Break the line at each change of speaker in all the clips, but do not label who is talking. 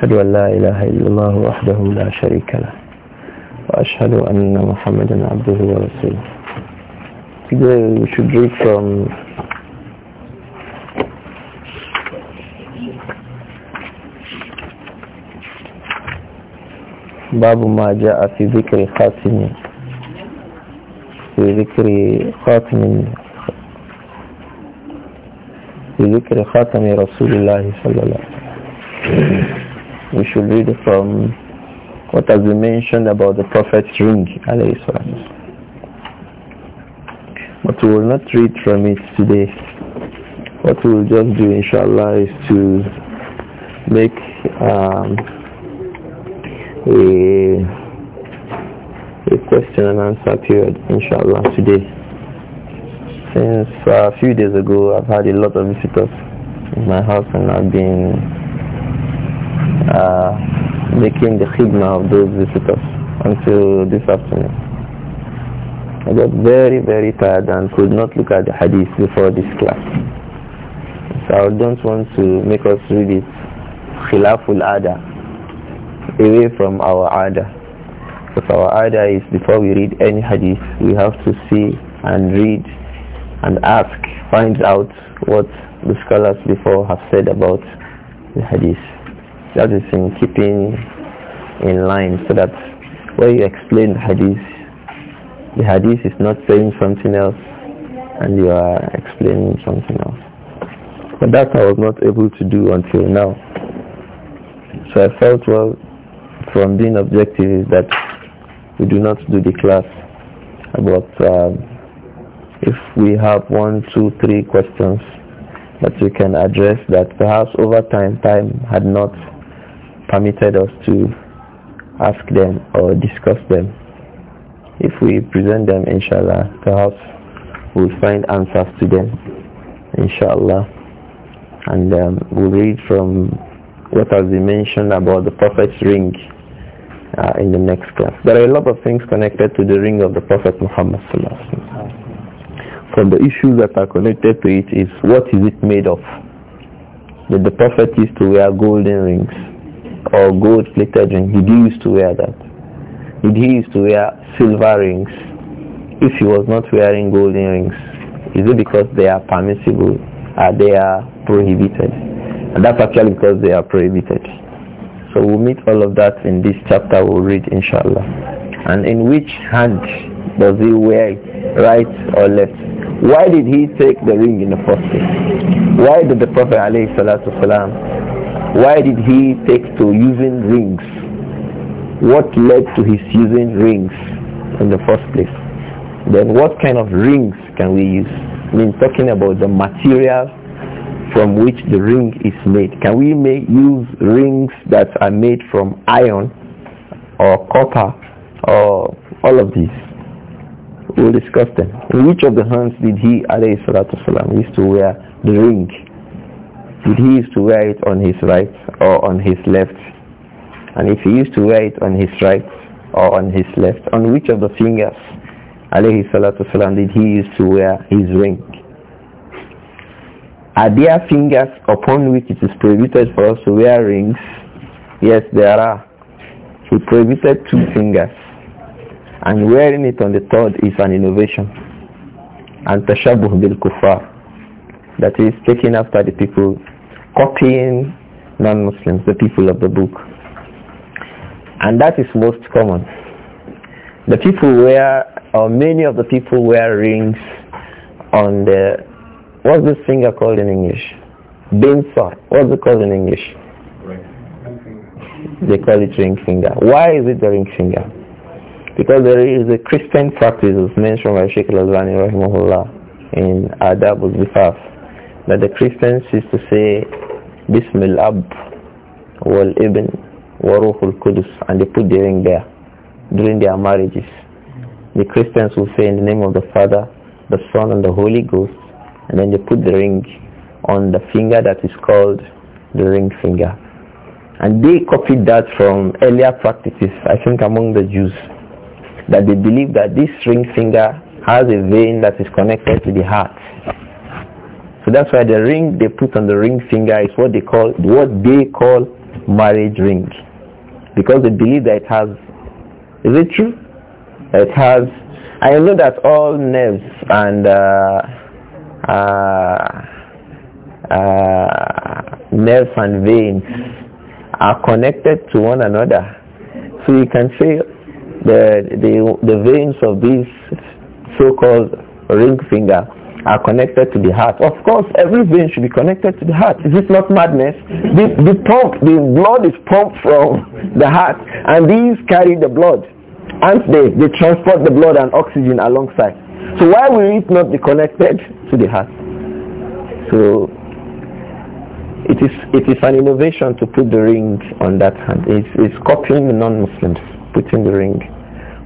وأشهد أن لا إله إلا الله وحده لا شريك له وأشهد أن محمدا عبده ورسوله Today we should read from باب ما جاء في ذكر خاتم في ذكر خاتم في ذكر خاتم رسول الله صلى الله عليه وسلم we should read from what has been mentioned about the Prophet's ring, But we will not read from it today. What we will just do, inshallah, is to make um, a, a question and answer period, inshallah, today. Since a few days ago, I've had a lot of visitors in my house and I've been uh, making the khidma of those visitors until this afternoon. I got very, very tired and could not look at the hadith before this class. So I don't want to make us read it khilaful ada, away from our ada. Because our ada is before we read any hadith, we have to see and read and ask, find out what the scholars before have said about the hadith. That is in keeping in line so that when you explain the hadith, the hadith is not saying something else and you are explaining something else. But that I was not able to do until now. So I felt, well, from being objective is that we do not do the class about um, if we have one, two, three questions that we can address that perhaps over time, time had not permitted us to ask them or discuss them. If we present them, inshallah, perhaps we'll find answers to them, inshallah. And um, we'll read from what has been mentioned about the Prophet's ring uh, in the next class. There are a lot of things connected to the ring of the Prophet Muhammad From the issues that are connected to it is what is it made of? Did the Prophet used to wear golden rings? or gold plated ring? Did he used to wear that? Did he used to wear silver rings if he was not wearing golden rings? Is it because they are permissible? Are they are prohibited? And that's actually because they are prohibited. So we'll meet all of that in this chapter we'll read inshallah. And in which hand does he wear it? Right or left? Why did he take the ring in the first place? Why did the Prophet ﷺ why did he take to using rings? What led to his using rings in the first place? Then what kind of rings can we use? I mean, talking about the material from which the ring is made. Can we make, use rings that are made from iron or copper or all of these? We'll discuss them. In which of the hands did he, alayhi salatu salam, used to wear the ring? Did he used to wear it on his right or on his left? And if he used to wear it on his right or on his left, on which of the fingers, alayhi salatu salam, did he used to wear his ring? Are there fingers upon which it is prohibited for us to wear rings? Yes, there are. He prohibited two fingers. And wearing it on the third is an innovation. And tashabuh bil kufar. That is taking after the people copying non-Muslims, the people of the book. And that is most common. The people wear, or many of the people wear rings on the, what's this finger called in English? Bensaw. What's it called in English? They call it ring finger. Why is it the ring finger? Because there is a Christian practice as mentioned by Sheikh Al-Albani rahimahullah in Adab al that the Christians used to say Bism al-Ab wal-Ibn wa and they put the ring there during their marriages. The Christians will say in the name of the Father, the Son and the Holy Ghost and then they put the ring on the finger that is called the ring finger. And they copied that from earlier practices, I think among the Jews, that they believe that this ring finger has a vein that is connected to the heart. So that's why the ring they put on the ring finger is what they call what they call marriage ring. Because they believe that it has is it true? It has I know that all nerves and uh, uh, uh, nerves and veins are connected to one another. So you can say the the, the veins of this so-called ring finger are connected to the heart. Of course, every vein should be connected to the heart. Is this not madness? The, the pump, the blood is pumped from the heart, and these carry the blood. And they, they transport the blood and oxygen alongside. So why will it not be connected to the heart? So it is, it is an innovation to put the ring on that hand. It's, it's copying the non-Muslims, putting the ring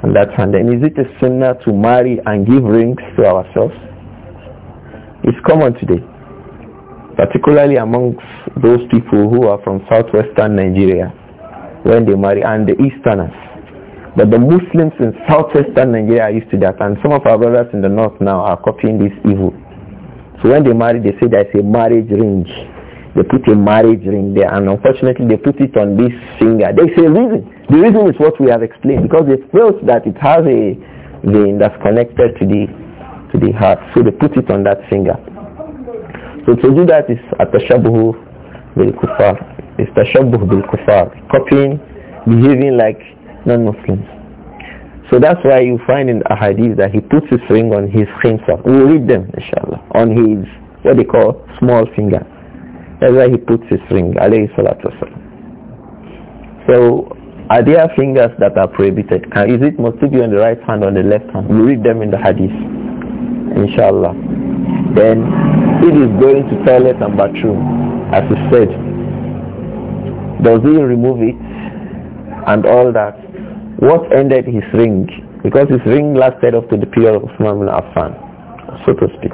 on that hand. And is it a sinner to marry and give rings to ourselves? It's common today, particularly amongst those people who are from southwestern Nigeria when they marry and the easterners. But the Muslims in southwestern Nigeria are used to that and some of our brothers in the north now are copying this evil. So when they marry, they say there's a marriage ring. They put a marriage ring there and unfortunately they put it on this finger. They say reason. The reason is what we have explained because they felt that it has a vein that's connected to the to the heart. So they put it on that finger. So to do that is atashabuhu bil kufar. It's tashabuh bil kufar. Copying, behaving like non-Muslims. So that's why you find in the hadith that he puts his ring on his himself. We'll read them, inshallah. On his, what they call, small finger. That's why he puts his ring, alayhi salatu wasalam. So, are there fingers that are prohibited? is it must be on the right hand or on the left hand? We read them in the hadith inshallah. Then it is going to toilet and bathroom, as he said. Does he remove it and all that? What ended his ring? Because his ring lasted up to the period of Muhammad Afan, so to speak.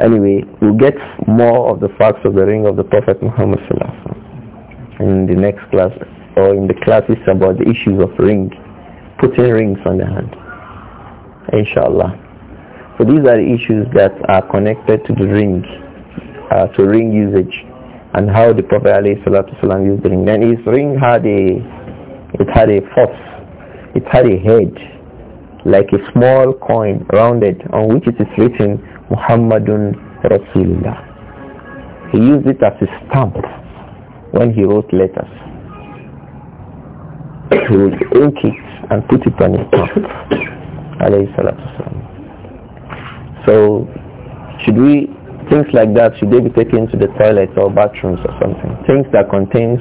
Anyway, we'll get more of the facts of the ring of the Prophet Muhammad in the next class or in the classes about the issues of ring, putting rings on the hand inshallah. So these are issues that are connected to the ring, uh, to ring usage and how the Prophet ﷺ used the ring. Then his ring had a, it had a force, it had a head, like a small coin rounded on which it is written Muhammadun Rasulullah. He used it as a stamp when he wrote letters. He would ink it and put it on his stamp. So should we, things like that, should they be taken to the toilets or bathrooms or something? Things that contains,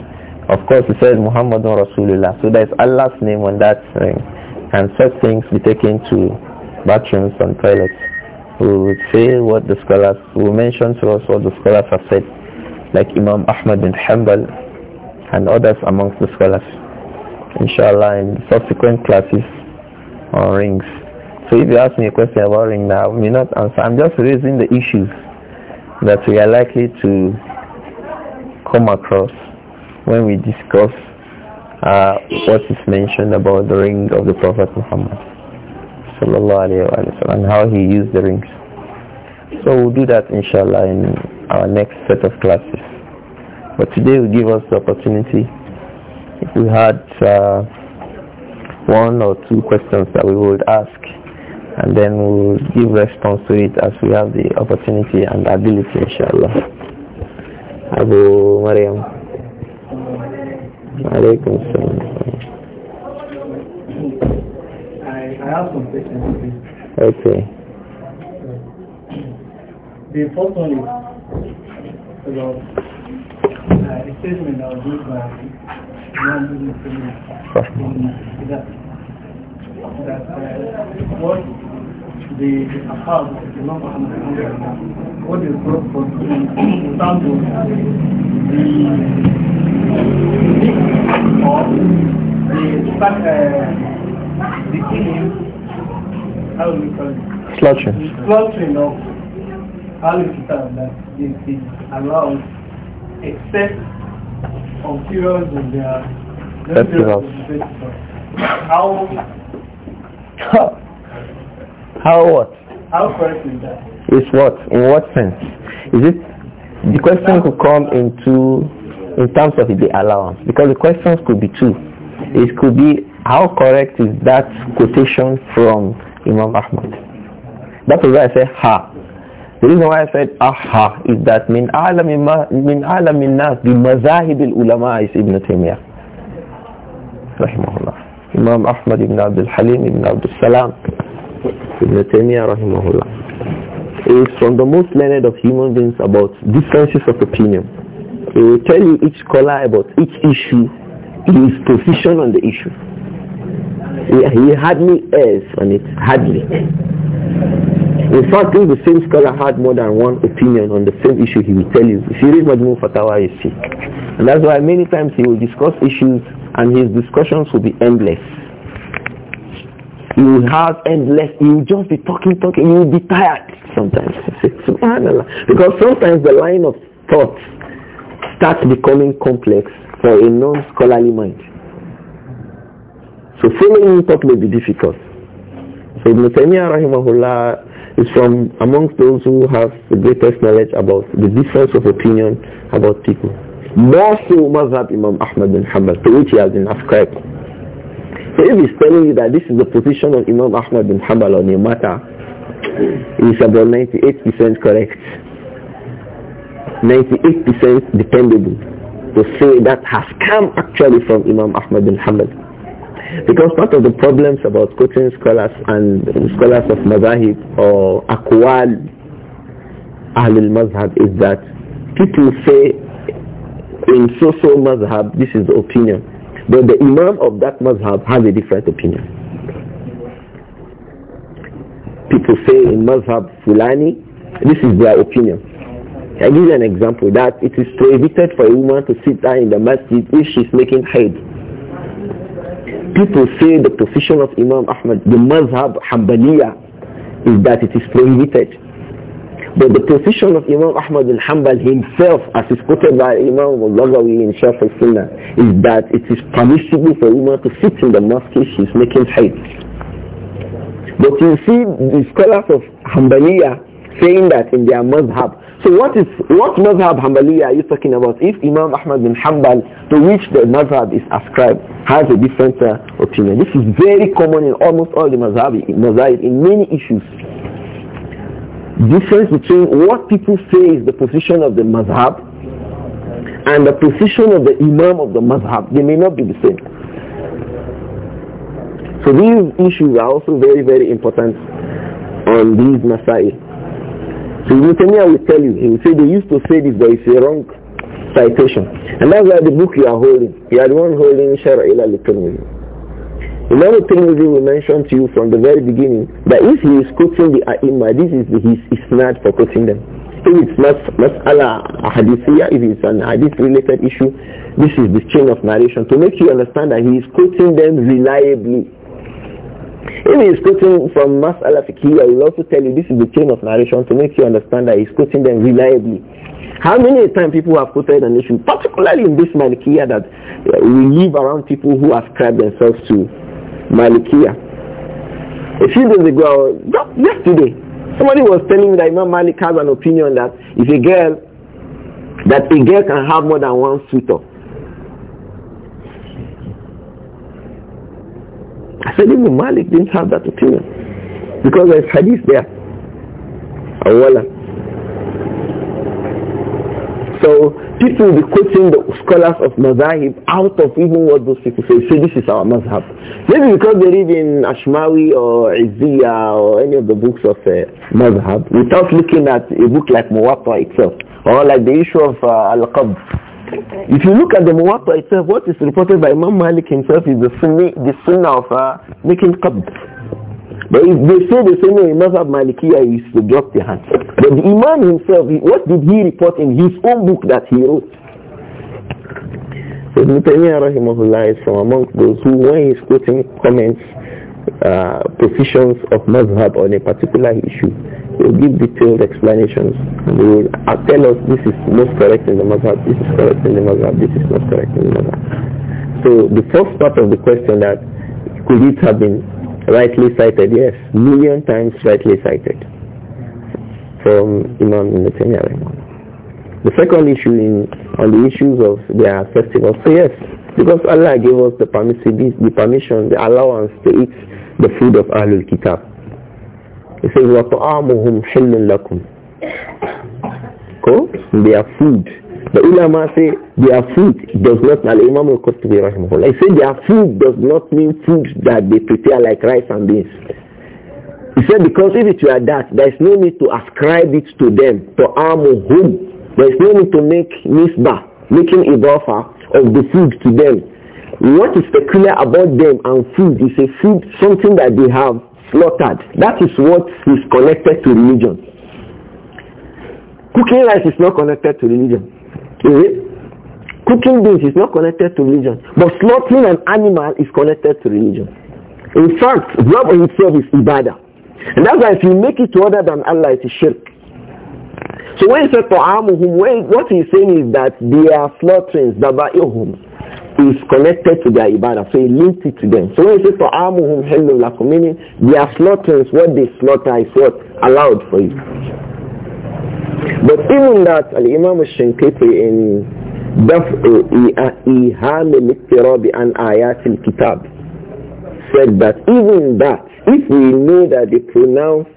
of course it says Muhammadun Rasulullah, so there's Allah's name on that ring. And such things be taken to bathrooms and toilets. We will say what the scholars, will mention to us what the scholars have said, like Imam Ahmad bin Hanbal and others amongst the scholars. Inshallah in subsequent classes on rings. So if you ask me a question about ring now, I may not answer. I'm just raising the issues that we are likely to come across when we discuss uh, what is mentioned about the ring of the Prophet Muhammad sallallahu and how he used the rings. So we'll do that inshallah in our next set of classes. But today will give us the opportunity if we had uh, one or two questions that we would ask and then we'll give response to it as we have the opportunity and ability inshallah Abu Mariam salam
I have some questions okay the first one is about uh, a statement that was made by one that uh, what the Sahab, is not what is brought for him of the the uh, the killing, how do we call it? Slaughtering. Slaughtering of Al-Kitab that is, allowed except on periods of their festivals. How how what? How correct is that?
It's what? In what sense? Is it the question could come into in terms of the allowance because the questions could be two. It could be how correct is that quotation from Imam Ahmad? That is why I said ha. The reason why I said aha is that min alami min alami nas bi mazahib al ulama is Ibn Taymiyyah. Rahimahullah. Imam Ahmad ibn al Halim ibn Abdul Salam ibn Taymiyyah rahimahullah is from the most learned of human beings about differences of opinion. He will tell you each scholar about each issue, his position on the issue. He, he hardly errs on it, hardly. In fact, if the same scholar had more than one opinion on the same issue, he will tell you. If you read Majmu Fatawa, you see. And that's why many times he will discuss issues and his discussions will be endless. You will have endless, you will just be talking, talking, you will be tired sometimes. Because sometimes the line of thought starts becoming complex for a non-scholarly mind. So following him talk may be difficult. So Ibn Taymiyyah rahimahullah is from amongst those who have the greatest knowledge about the difference of opinion about people. More so Mazhab Imam Ahmad bin Hanbal, to which he has been ascribed. So if he's telling you that this is the position of Imam Ahmad bin Hanbal on your matter, it's about 98% correct. 98% dependable to say that has come actually from Imam Ahmad bin Hanbal. Because part of the problems about quoting scholars and scholars of Mazahib or Akwal Ahlul Mazhab is that people say in so-so mazhab, this is the opinion. But the imam of that mazhab has a different opinion. People say in mazhab fulani, this is their opinion. I give you an example that it is prohibited for a woman to sit down in the masjid if she's making head. People say the position of Imam Ahmad, the mazhab Hanbaliya, is that it is prohibited. But the position of Imam Ahmad bin Hanbal himself, as is quoted by Imam Al-Laghawi in Shaykh al-Sunnah, is that it is permissible for a woman to sit in the mosque if she's making haid. But you see the scholars of Hanbaliya saying that in their mazhab. So what is what mazhab Hanbaliya are you talking about? If Imam Ahmad bin Hanbal, to which the mazhab is ascribed, has a different uh, opinion. This is very common in almost all the mazhab, mazhab in many issues difference between what people say is the position of the mazhab and the position of the imam of the mazhab. They may not be the same. So these issues are also very, very important on these Masai. So me, I will tell you, he will say they used to say this, but it's a wrong citation. And that's why the book you are holding, you are the one holding Shara'ila al-Tirmidhi thing we will mention to you from the very beginning that if he is quoting the ai am this is his isnad for quoting them. If it's mas mas'ala hadithiyah, if it's an hadith related issue, this is the chain of narration to make you understand that he is quoting them reliably. If he is quoting from mas'ala fiqhiyah, he will also tell you this is the chain of narration to make you understand that he is quoting them reliably. How many times people have quoted an issue, particularly in this Malikiya that uh, we live around people who ascribe themselves to Malikiya. A few days ago, yesterday, somebody was telling me that Imam Malik has an opinion that if a girl, that a girl can have more than one suitor. I said Imam Malik didn't have that opinion because there's hadith there. Awala. So people will be quoting the scholars of mazahib out of even what those people say. Say so this is our mazhab. Maybe because they read in Ashmawi or Izziya or any of the books of uh, mazhab without looking at a book like Muwatta itself or like the issue of uh, al qab If you look at the Muwatta itself, what is reported by Imam Malik himself is the, sunni, the of uh, making qab. But if they say the same way, Mazhab Malikiya is to drop the hand. But the Imam himself, what did he report in his own book that he wrote? Ibn Taymiyyah rahimahullah is from among those who, when he's quoting comments, uh, positions of Mazhab on a particular issue, he'll give detailed explanations. And they will uh, tell us this is most correct in the Mazhab, this is correct in the Mazhab, this is not correct in the Mazhab. So the first part of the question that could it have been rightly cited, yes, million times rightly cited from Imam Ibn Taymiyyah. The second issue in, on the issues of their festival, so yes, because Allah gave us the, the permission, the allowance to eat the food of Ahlul Kitab. It says, وَطَعَامُهُمْ حِلٌّ لَكُمْ Go, their food the ulama say their food does not, al-imam al-Qurtubi rahimahullah, he said their food does not mean food that they prepare like rice and beans. He said because if it were that, there is no need to ascribe it to them, to amuhum. There is no need to make nisbah, making ibafa of the food to them. What is peculiar about them and food is a food, something that they have slaughtered. That is what is connected to religion. Cooking rice is not connected to religion. Cooking beans is not connected to religion, but slaughtering an animal is connected to religion. In fact, love itself is ibadah. And that's why if you make it to other than Allah, it is shirk. So when he said ta'amuhum, what he's saying is that their slaughterings, daba'ihum, is connected to their ibadah. So he linked it to them. So when he said to hillul lakum, meaning their slaughterings, what they slaughter is what allowed for you. But even that, Al-Imam al-Shinkiti in دفع إيهام الاضطراب عن آيات Kitab, said that even that, if we know that they pronounce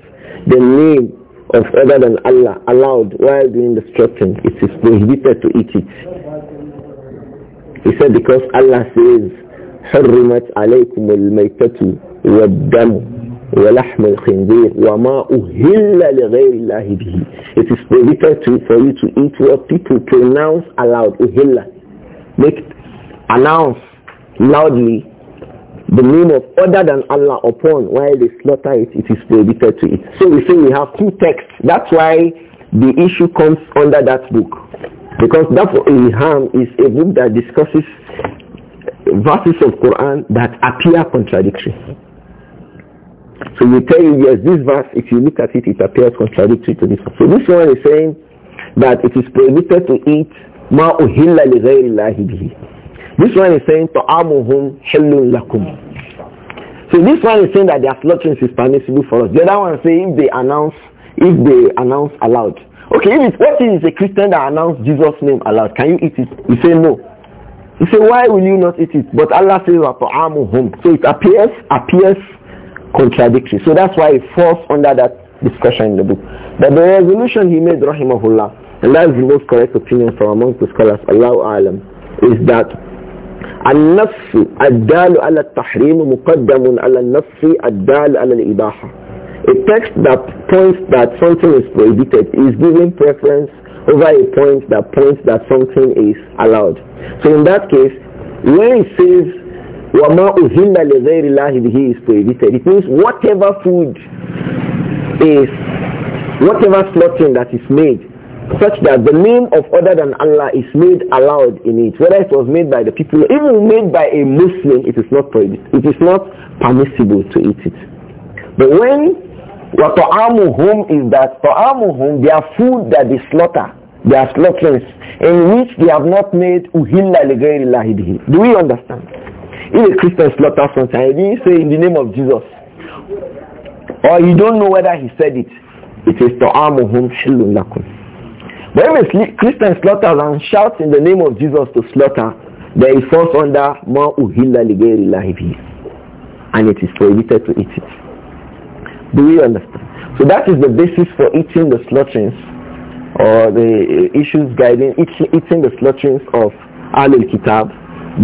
the name of other than Allah allowed while doing the stretching, it is prohibited to eat it. He said because Allah says, حرمت عليكم الميتة والدم ولحم الخنزير وما أهل لغير الله به It is prohibited to, for you to eat what people pronounce aloud أهل Make announce loudly the name of other than Allah upon while they slaughter it, it is prohibited to eat. So we say we have two texts. That's why the issue comes under that book. Because that Ilham is a book that discusses verses of Quran that appear contradictory. So we tell you, yes, this verse, if you look at it, it appears contradictory to this one. So this one is saying that it is prohibited to eat ma uhilla li This one is saying ta'amuhum hillun lakum. So this one is saying that their slaughtering is permissible for us. The other one is saying if they announce, if they announce aloud. Okay, if it's, what if it's a Christian that announced Jesus' name aloud? Can you eat it? You say no. You say, why will you not eat it? But Allah says, ta'amuhum. So it appears, appears contradictory. So that's why it falls under that discussion in the book. But the resolution he made, rahimahullah, and that is the most correct opinion from among the scholars, Allahu alam, is that النص الدال على التحريم مقدم على النص الدال على الإباحة. A text that points that something is prohibited is given preference over a point that points that something is allowed. So in that case, when it says وَمَا أُهِلَّ لِغَيْرِ اللَّهِ بِهِ is prohibited. It means whatever food is, whatever slaughtering that is made, such that the name of other than Allah is made allowed in it, whether it was made by the people, even made by a Muslim, it is not prohibited. It is not permissible to eat it. But when وَطَعَامُهُمْ is that طَعَامُهُمْ, their food that they slaughter, their slaughterings, in which they have not made أُهِلَّ لِغَيْرِ اللَّهِ بِهِ. Do we understand? If a Christian slaughters something, he didn't say in the name of Jesus. Or you don't know whether he said it. It is It says, Ta'amuhum hillun lakum. But if a Christian slaughters and shouts in the name of Jesus to slaughter, then it falls under ma uhilla And it is prohibited to eat it. Do you understand? So that is the basis for eating the slaughterings or the issues guiding eating the slaughterings of al Kitab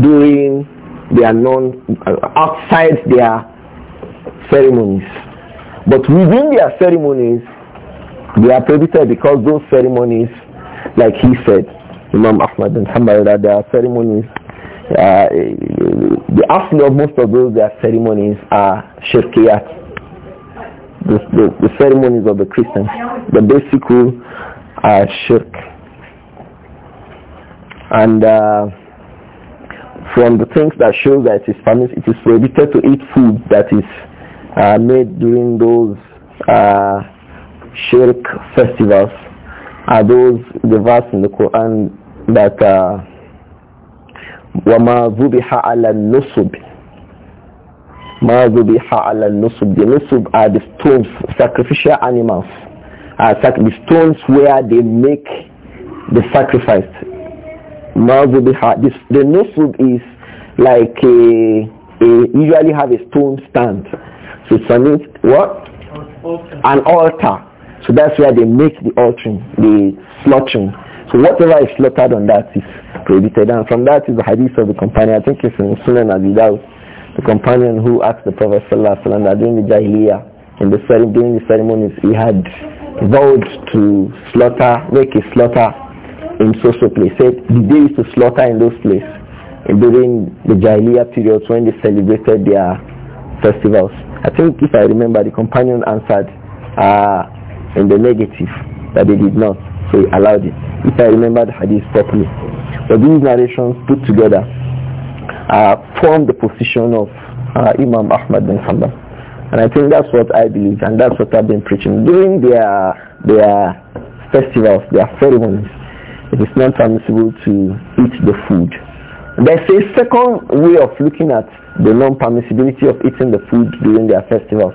during their non uh, outside their ceremonies. But within their ceremonies, they are prohibited because those ceremonies, like he said, Imam Ahmad and Hanbal, that their ceremonies, uh, the actually of most of those their ceremonies are shirkiyat. The, the, the, ceremonies of the Christians, the basic rule are shirk. And uh, from the things that show that it is permitted, it is prohibited to eat food that is uh, made during those uh, shirk festivals are those the verse in the Quran that uh, وَمَا ذُبِحَ عَلَى النُّصُبِ مَا ذُبِحَ عَلى النُّصُبِ The nusub are the stones, sacrificial animals. Uh, sac the stones where they make the sacrifice this, the nosub is like a, a, usually have a stone stand. So it what? An altar. So that's where they make the altering, the slaughtering. So whatever is slaughtered on that is prohibited. And from that is the hadith of the companion. I think it's in Sunan Abidaw, the companion who asked the Prophet Sallallahu Alaihi Wasallam during the Jahiliyyah, in the, during the ceremonies, he had vowed to slaughter, make a slaughter in social place. Said, did they used to slaughter in those places during the Jahiliyyah periods when they celebrated their festivals? I think if I remember, the companion answered uh, in the negative that they did not. So he allowed it, if I remember the hadith properly. But these narrations put together uh, form the position of uh, Imam Ahmad bin Hanbal. And I think that's what I believe and that's what I've been preaching. During their, their festivals, their ceremonies, it is not permissible to eat the food. There's a second way of looking at the non-permissibility of eating the food during their festivals.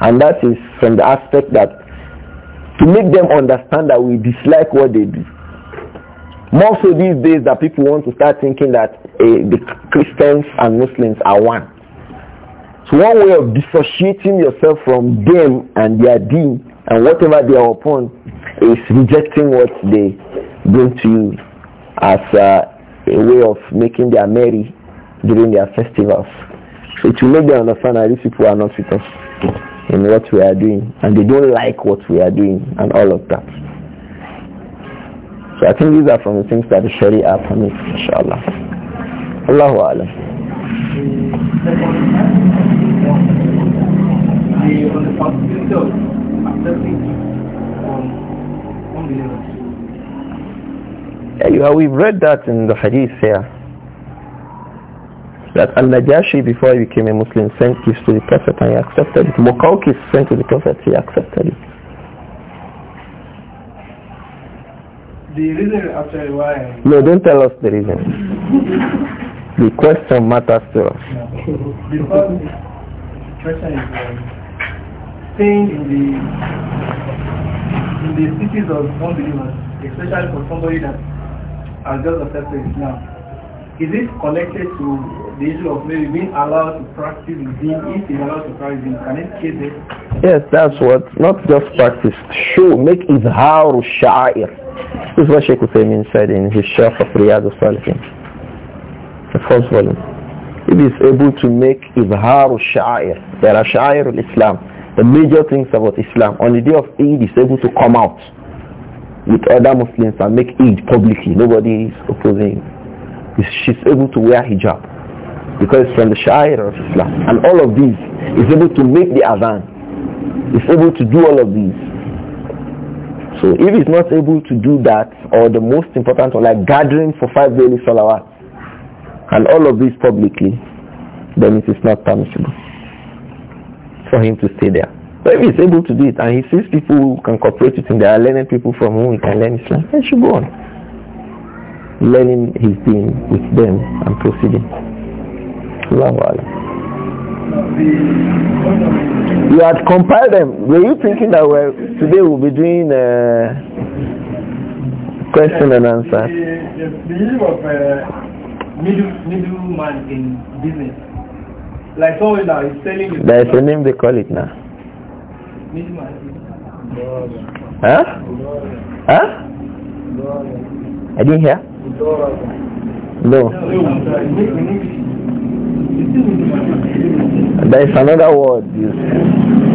And that is from the aspect that to make them understand that we dislike what they do. More so these days that people want to start thinking that uh, the Christians and Muslims are one. So one way of dissociating yourself from them and their deen and whatever they are upon is rejecting what they bring to you as uh, a way of making their merry during their festivals. it will make them understand that these people are not with us in what we are doing and they don't like what we are doing and all of that. So I think these are from the things that the Sharia permits, inshallah. Allahu Alam. The, we've read that in the hadith here. That Al-Najashi, before he became a Muslim, sent gifts to the Prophet and he accepted it. Mukawqis sent to the Prophet, he accepted it.
The reason after why?
No, don't tell us the reason. the question matters to us.
Because the question is um, staying in the in the cities of unbelievers, especially for somebody that has just accepted now. is it connected to the issue of maybe being allowed to practice within, if he's allowed to practice within, can it kill it?
Yes, that's what, not just practice, show, make izhar sha'ir. This is what Sheikh Uthaymeen said in his Sheikh of Riyadh salihin the first volume. If he's able to make izhar sha'ir, there are sha'ir al-Islam, the major things about Islam, on the day of Eid he's able to come out with other Muslims and make Eid publicly. Nobody is opposing. She's able to wear hijab because it's from the Sha'ir of Islam. And all of these is able to make the Adhan. Is able to do all of these. So if he's not able to do that, or the most important or like gathering for five daily salawat, and all of this publicly, then it is not permissible for him to stay there. So if he's able to do it and he sees people who can cooperate with him, there are learning people from whom he can learn Islam, then he should go on. Learning his thing with them and proceeding. You had compiled them. Were you thinking that today we'll be doing uh,
question and answer? The, the of uh, middle, middleman in business. Like someone that is selling... There is a name
they call it now.
Huh? Huh? I didn't hear. No. There is
another word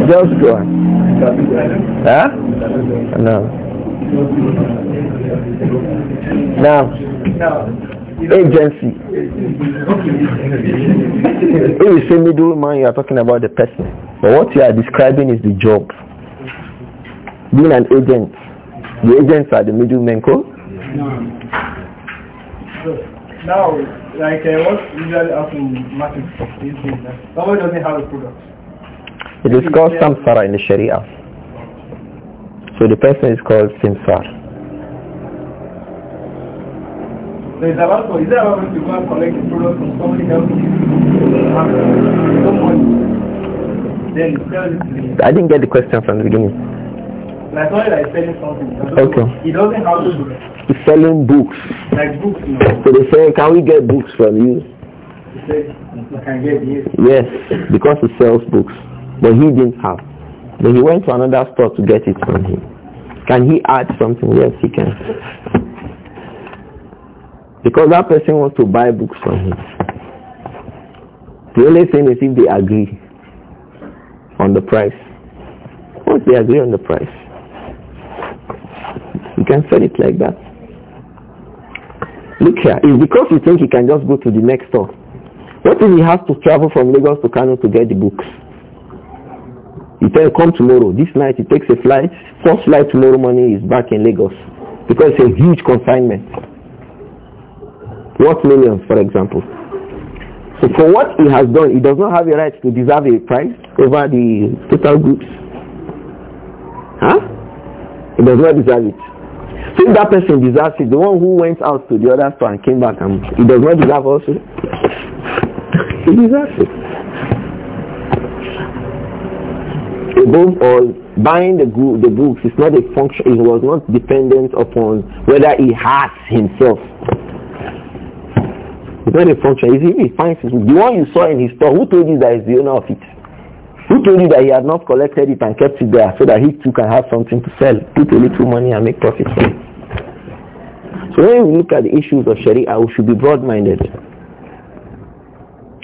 Just go on. Huh? No.
Now agency.
if you say middleman, you are talking about the person. But what you are describing is the job. Being an agent. The agents are the middlemen, co?
Now, like uh, what usually happens in market is that someone doesn't have a product.
It is called samsara in the Sharia. So the person is called samsara.
So it's allowed for, is it allowed to go and collect the product from somebody else? Then tell I
didn't get the question from the beginning.
Like somebody that is selling something. Okay. He doesn't have to do it.
He's selling books.
Like books, you know. So
they say, can we get books from you?
He said, I can get yes. Yes,
because he sells books. But he didn't have. Then he went to another store to get it from him. Can he add something? Yes, he can. Because that person wants to buy books from him. The only thing is if they agree on the price. Once they agree on the price, you can sell it like that. Look here, it's because you think he can just go to the next store. What if he has to travel from Lagos to Kano to get the books? You tell him, come tomorrow. This night he takes a flight. First flight tomorrow morning is back in Lagos because it's a huge consignment. What millions, for example? So for what he has done, he does not have a right to deserve a price over the total goods. Huh? He does not deserve it. So if that person deserves it, the one who went out to the other store and came back and he does not deserve also, he deserves it. Above all, buying the, the books is not a function, it was not dependent upon whether he has himself it's not a function. he finds his, the one you saw in his store, who told you that is the owner of it? Who told you that he had not collected it and kept it there so that he too can have something to sell, put a little money and make profit from it? So when we look at the issues of Sharia, we should be broad-minded.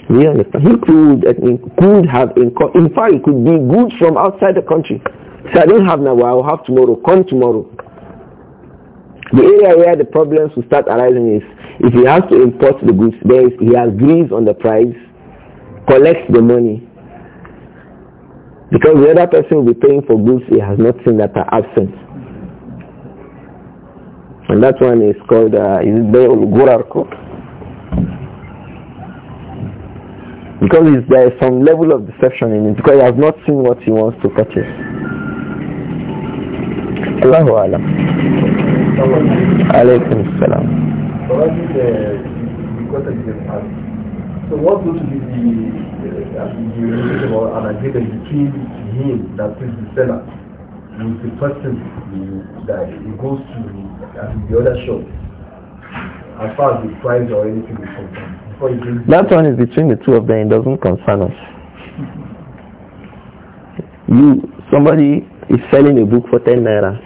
We understand. He could, could have, in fact, it could be goods from outside the country. So I don't have now, I'll have tomorrow. Come tomorrow. The area where the problems will start arising is if he has to import the goods, then he agrees on the price, collects the money. Because the other person will be paying for goods he has not seen that are absent. And that one is called uh, Bayul Gurarko. Because there is some level of deception in it, because he has not seen what he wants to purchase. Allahu Alam.
Alaykum Salam. Probably the, because of the So what would be the, relationship or an agreement between him, that is the seller, with the person that he goes to uh, the other shop, as far as the price or anything is concerned? That one
is between the two of them. It doesn't concern us. You, somebody is selling a book for 10 naira.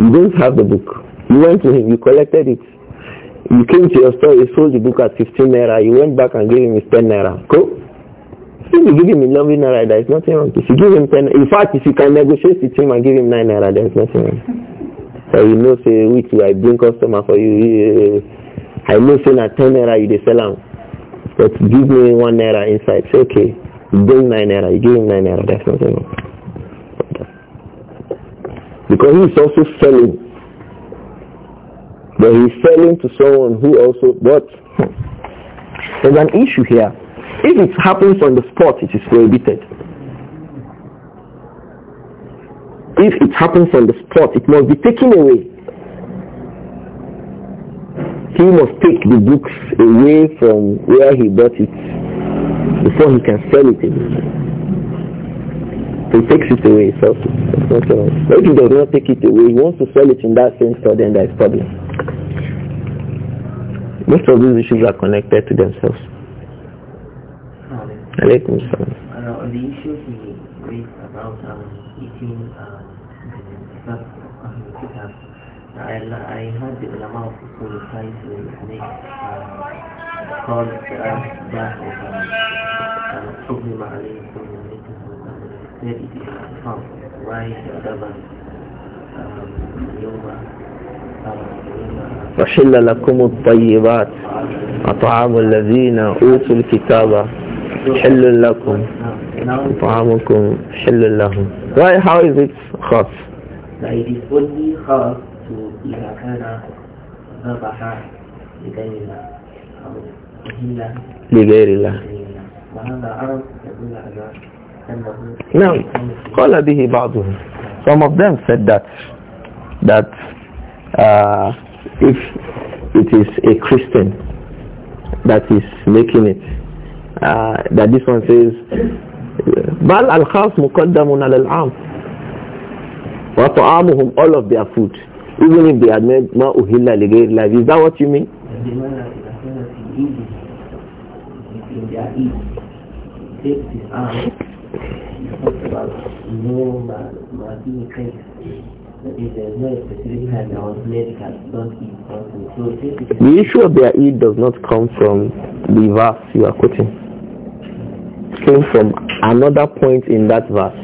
You don't have the book. You went to him, you collected it. You came to your store, you sold the book at 15 naira, you went back and gave him his 10 naira. Cool? If you give him 11 naira, there is nothing wrong. If you give him 10, in fact, if you can negotiate with him and give him 9 naira, there is nothing wrong. So you know, say, which I bring customer for you. Eh, I know, say, na 10 naira, you dey sell am. But give me 1 naira inside. Say, okay, bring 9 naira, you give him 9 naira, there is nothing wrong. Because he is also selling. But he's selling to someone who also bought. Hmm. There's an issue here. If it happens on the spot, it is prohibited. If it happens on the spot, it must be taken away. He must take the books away from where he bought it before he can sell it again. He takes it away, so If he does not take it away, he wants to sell it in that same store, then there is problem. Most of these issues are connected to themselves. Alaykum salam.
Uh, the issue he raised about um, eating uh, um, the um, uh, I, I heard the ulama of Usul try to make uh, call that of um, problem alayhi said it is found. Why the other one,
um,
وحل لكم الطيبات أطعام الذين أوتوا الكتاب حل لكم طعامكم حل لهم why how is it خاص it
is only خاص to إذا كان لغير الله أو
لغير الله
وهذا عرض يدل على
أنه
نعم قال
به بعضهم some of them said that that uh, if it is a Christian that is making it, uh, that this one says, بل الخاص مقدم على العام وطعامهم all of their food even if they had made ما أهل لغير الله is that what you mean? The issue of their Eid does not come from the verse you are quoting. It came from another point in that verse.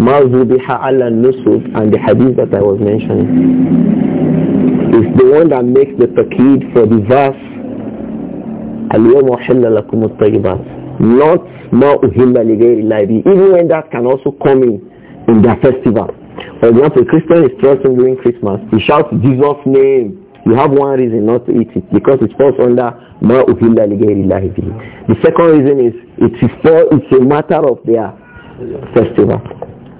Mazubiha ala nusuf and the hadith that I was mentioning is the one that makes the taqid for the verse Not Ma Uhimma Even when that can also come in in their festival. For example, a Christian is trusting during Christmas. He shouts Jesus' name. You have one reason not to eat it because it falls under ma uhilla The second reason is it is for, it's a matter of their festival.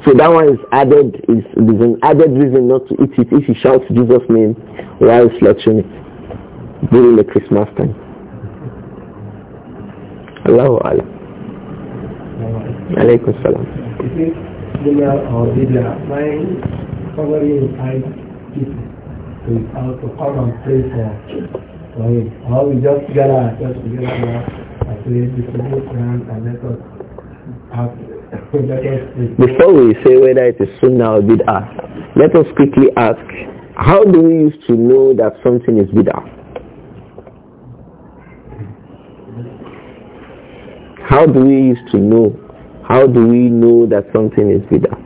So that one is added is, is an added reason not to eat it if he shouts Jesus' name while slaughtering it during the Christmas time. Allahu Allah. Alaykum salam
or covering inside So it's how to come and pray for, him. Or we just ourselves together and pray this and let us have
before we say whether it is sunnah or bid'ah, let us quickly ask, how do we used to know that something is bid'ah? How do we used to know how do we know that something is bid'ah?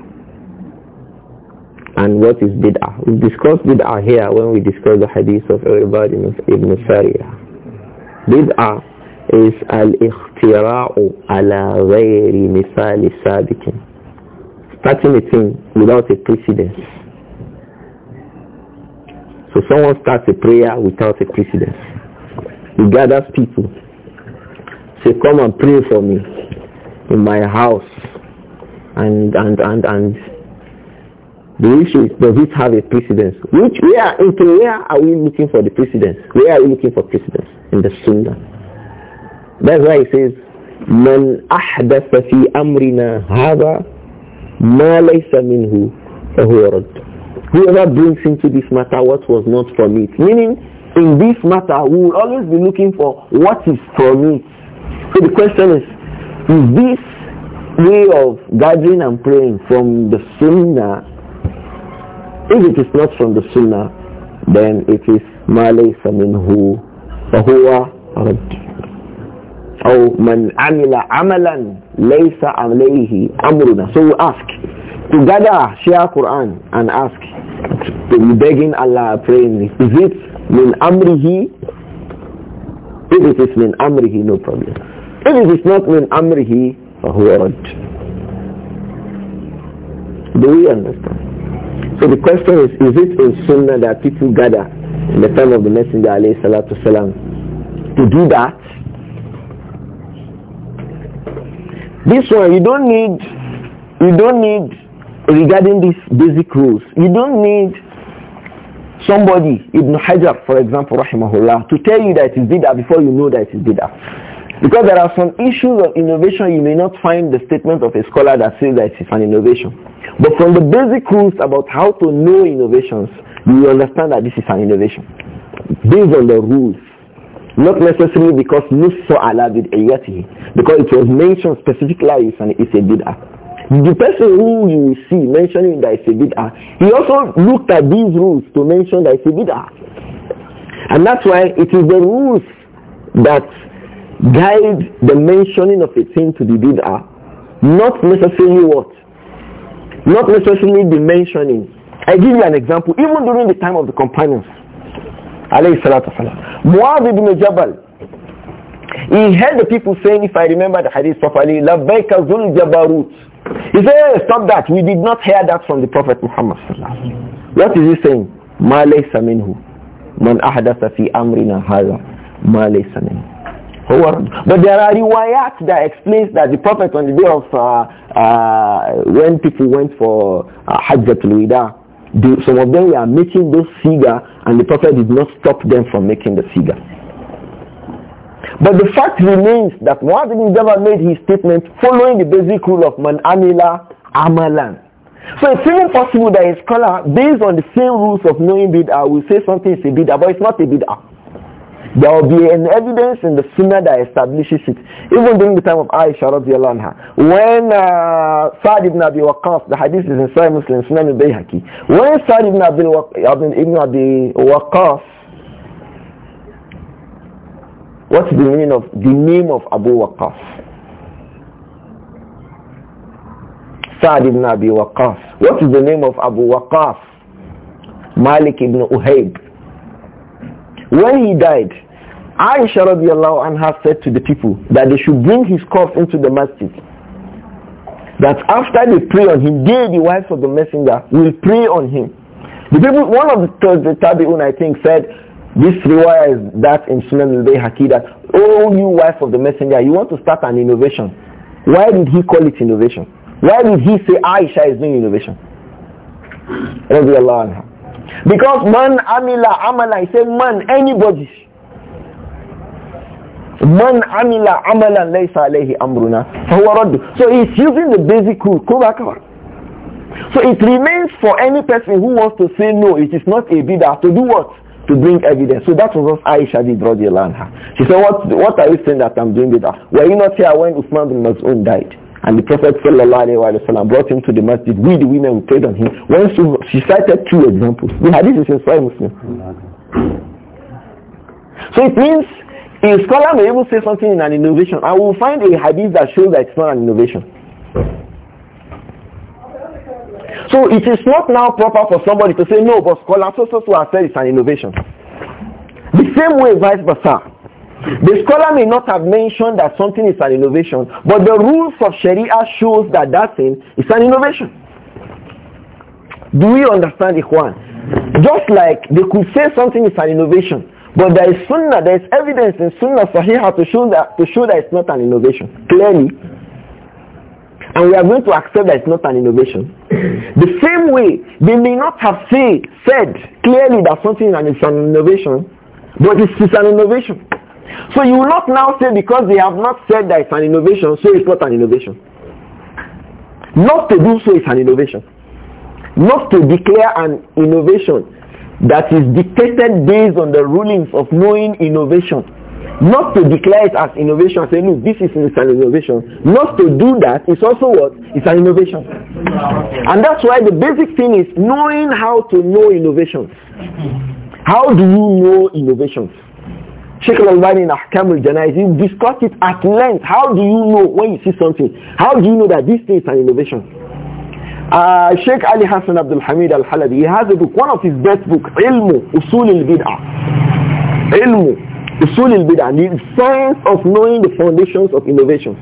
And what is bid'ah? We discussed bid'ah here when we discussed the hadith of Irbad ibn Sariyah. Bid'ah is al-ikhtira'u ala ghayri misali sabikin. Starting a thing without a precedence. So someone starts a prayer without a precedence. He gathers people. Say, come and pray for me in my house and and and and the issue is does it have a precedence? Which where into where are we looking for the precedence? Where are we looking for precedence? In the Sunnah. That's why he says من أحدث في أمرنا هذا ما ليس منه فهو رد. Whoever brings into this matter what was not from it. Meaning in this matter we will always be looking for what is from it. So the question is this way of gathering and praying from the sunnah, if it is not from the sunnah, then it is minhu, مِنْهُ فَهُوَ or man amila amalan ليس عليه amruna. so we ask to gather, share Quran and ask to be begging Allah praying is it min amrihi? if it is min amrihi, no problem if it is not min amrihi, fahuwa Do we understand? So the question is, is it a sunnah that people gather in the time of the Messenger alayhi salatu salam to do that? This one, you don't need, you don't need, regarding these basic rules, you don't need somebody, Ibn Hajar, for example, rahimahullah, to tell you that it is bid'ah before you know that it is bid'ah. Because there are some issues of innovation, you may not find the statement of a scholar that says that it is an innovation. But from the basic rules about how to know innovations, you understand that this is an innovation. Based on the rules. Not necessarily because Nusso Allah did because it was mentioned specifically as an, it's a bid'ah. The person who you will see mentioning that it's a bid'ah, he also looked at these rules to mention that it's a bid'ah. And that's why it is the rules that guide the mentioning of a thing to the bid'ah, not necessarily what? Not necessarily the mentioning. I give you an example, even during the time of the companions, alayhi salatu Muaz ibn Jabal, he heard the people saying, if I remember the hadith properly, labbaika zul jabarut. He said, hey, stop that, we did not hear that from the Prophet Muhammad What is he saying? Ma laysa minhu, man ahdasa fi amrina hala, ma laysa minhu. But there are riwayat that explains that the Prophet on the day of uh, uh, when people went for uh, Hajjatul Wida, some of them were making those siga and the Prophet did not stop them from making the siga. But the fact remains that Muhammad bin Jabal made his statement following the basic rule of man amila amalan. So it's even possible that a scholar, based on the same rules of knowing bid'ah, will say something is a bid'ah, but it's not a bid'ah. There will be an evidence in the sunnah that establishes it. Even during the time of Aisha radiallahu when uh, Sa'd ibn Abi Waqqas, the hadith is in Sahih Muslim, Sunan al-Bayhaqi, when Sa'd ibn Abi, ibn Abi Waqqas, what's the meaning of the name of Abu Waqqas? Sa'd ibn Abi Waqqas. What is the name of Abu Waqqas? Malik ibn Uhayb. When he died, Aisha radiallahu anha said to the people that they should bring his corpse into the masjid. That after they pray on him, they, the wives of the messenger, will pray on him. The people, one of the, the Tabi'un, I think, said, this requires that in Sunan al-Bayhaqi that, oh, you wife of the messenger, you want to start an innovation. Why did he call it innovation? Why did he say Aisha is doing innovation? Because man amila amala, he said man, anybody. Man amila amalan laysa alayhi amruna fahuwa So he's using the basic rule. So it remains for any person who wants to say no, it is not a bidah to do what? To bring evidence. So that was what Aisha did, She said, what, what are you saying that I'm doing bidah? Were you not here when Usman bin Mas'un died? And the Prophet wasallam brought him to the masjid. We, the women, we prayed on him. When she, she cited two examples. The hadith is in Muslim. So it means a scholar may even say something in an innovation I will find a hadith that shows that it's not an innovation. So it is not now proper for somebody to say, no, but scholar so so so said it's an innovation. The same way vice versa. The scholar may not have mentioned that something is an innovation, but the rules of Sharia shows that that thing is an innovation. Do we understand Ikhwan? Just like they could say something is an innovation, but there is sunnah, there is evidence in sunnah sahihah to show that to show that it's not an innovation. Clearly. And we are going to accept that it's not an innovation.
The
same way, they may not have say, said clearly that something is an innovation, but it's, it's an innovation. So you will not now say because they have not said that it's an innovation, so it's not an innovation. Not to do so is an innovation. Not to declare an innovation that is dictated based on the rulings of knowing innovation. Not to declare it as innovation, say, look, this is an innovation. Not to do that is also what? It's an innovation. And that's why the basic thing is knowing how to know innovations. How do you know innovations? Sheikh Al-Albani in Ahkam al-Janaiz, he discussed it at length. How do you know when you see something? How do you know that this thing is an innovation? Uh, Sheikh Ali Hassan Abdul Hamid Al-Halabi, he has a book, one of his best books, Ilmu Usul Al-Bid'ah. Ilmu Usul Al-Bid'ah, the science of knowing the foundations of innovations.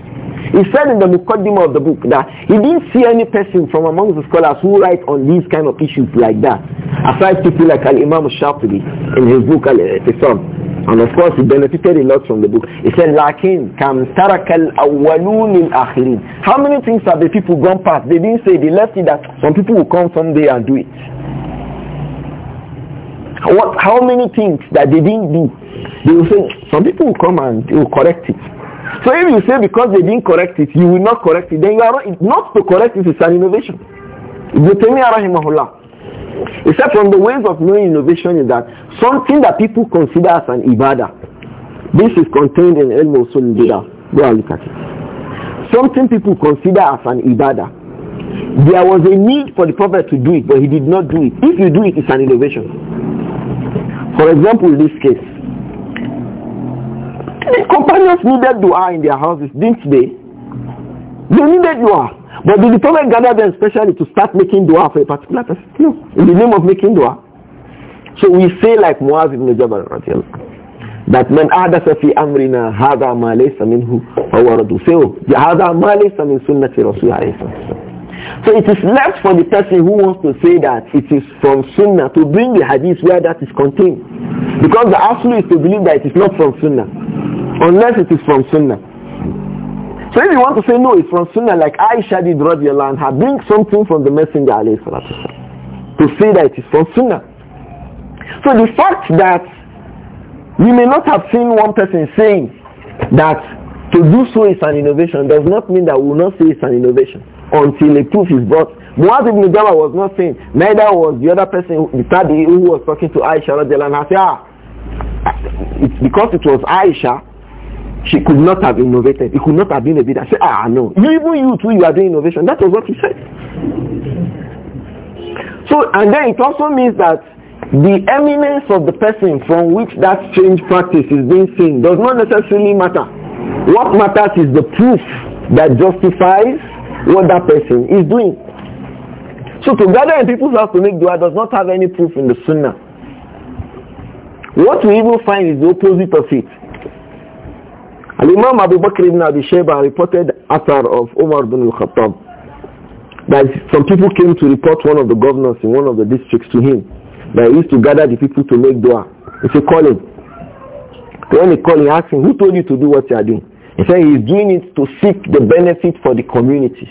He said in the Mukaddimah of the book that he didn't see any person from among the scholars who write on these kind of issues like that, aside people like Al-Imam Shafi'i in his book Al-Ihtisam. And of course, he benefited a lot from the book. He said, Lakin, kam tarakal awwalun akhirin. How many things have the people gone past? They didn't say, they left it that some people will come someday and do it. What, how many things that they didn't do? They will say, some people will come and will correct it. So if you say because they didn't correct it, you will not correct it, then you are not, not to correct it is an innovation. Ibn Taymiyyah rahimahullah. Except from the ways of knowing innovation is that something that people consider as an ibadah. This is contained in El Mosul Bidah. Go and look at it. Something people consider as an ibadah. There was a need for the Prophet to do it, but he did not do it. If you do it, it's an innovation. For example, this case. The companions needed dua in their houses, didn't they? They needed dua. But did the Prophet gather them specially to start making dua for a particular person? No. In the name of making dua. So we say like Muaz ibn Jabal that man ahdatha fi amrina hadha ma laysa minhu fahuwa radu. Say, oh, hadha ma laysa min sunnati Rasul So it is left for the person who wants to say that it is from sunnah to bring the hadith where that is contained. Because the absolute is to believe that it is not from sunnah. Unless it is from Sunnah. So if you want to say no, it's from Sunnah, like Aisha did radiallahu anha, bring something from the Messenger alayhi salatu to say that it is from Sunnah. So the fact that we may not have seen one person saying that to do so is an innovation does not mean that we will not say it's an innovation until a proof is brought. Muaz ibn Jabal was not saying, neither was the other person, the third who was talking to Aisha radiallahu anha, say, ah, it's because it was Aisha she could not have innovated. It could not have been a bid'ah. Say, ah, no. Even you too, you are doing innovation. That was what he said. So, and then it also means that the eminence of the person from which that strange practice is being seen does not necessarily matter. What matters is the proof that justifies what that person is doing. So to gather in people's house to make dua does not have any proof in the sunnah. What we even find is the opposite of it. Al-Imam Abu Bakr ibn Abi Shayba reported Athar of Umar ibn al-Khattab that some people came to report one of the governors in one of the districts to him that he used to gather the people to make dua. He said, call him. So when he called, he asked him, who told you to do what you are doing? He said, he's doing it to seek the benefit for the community.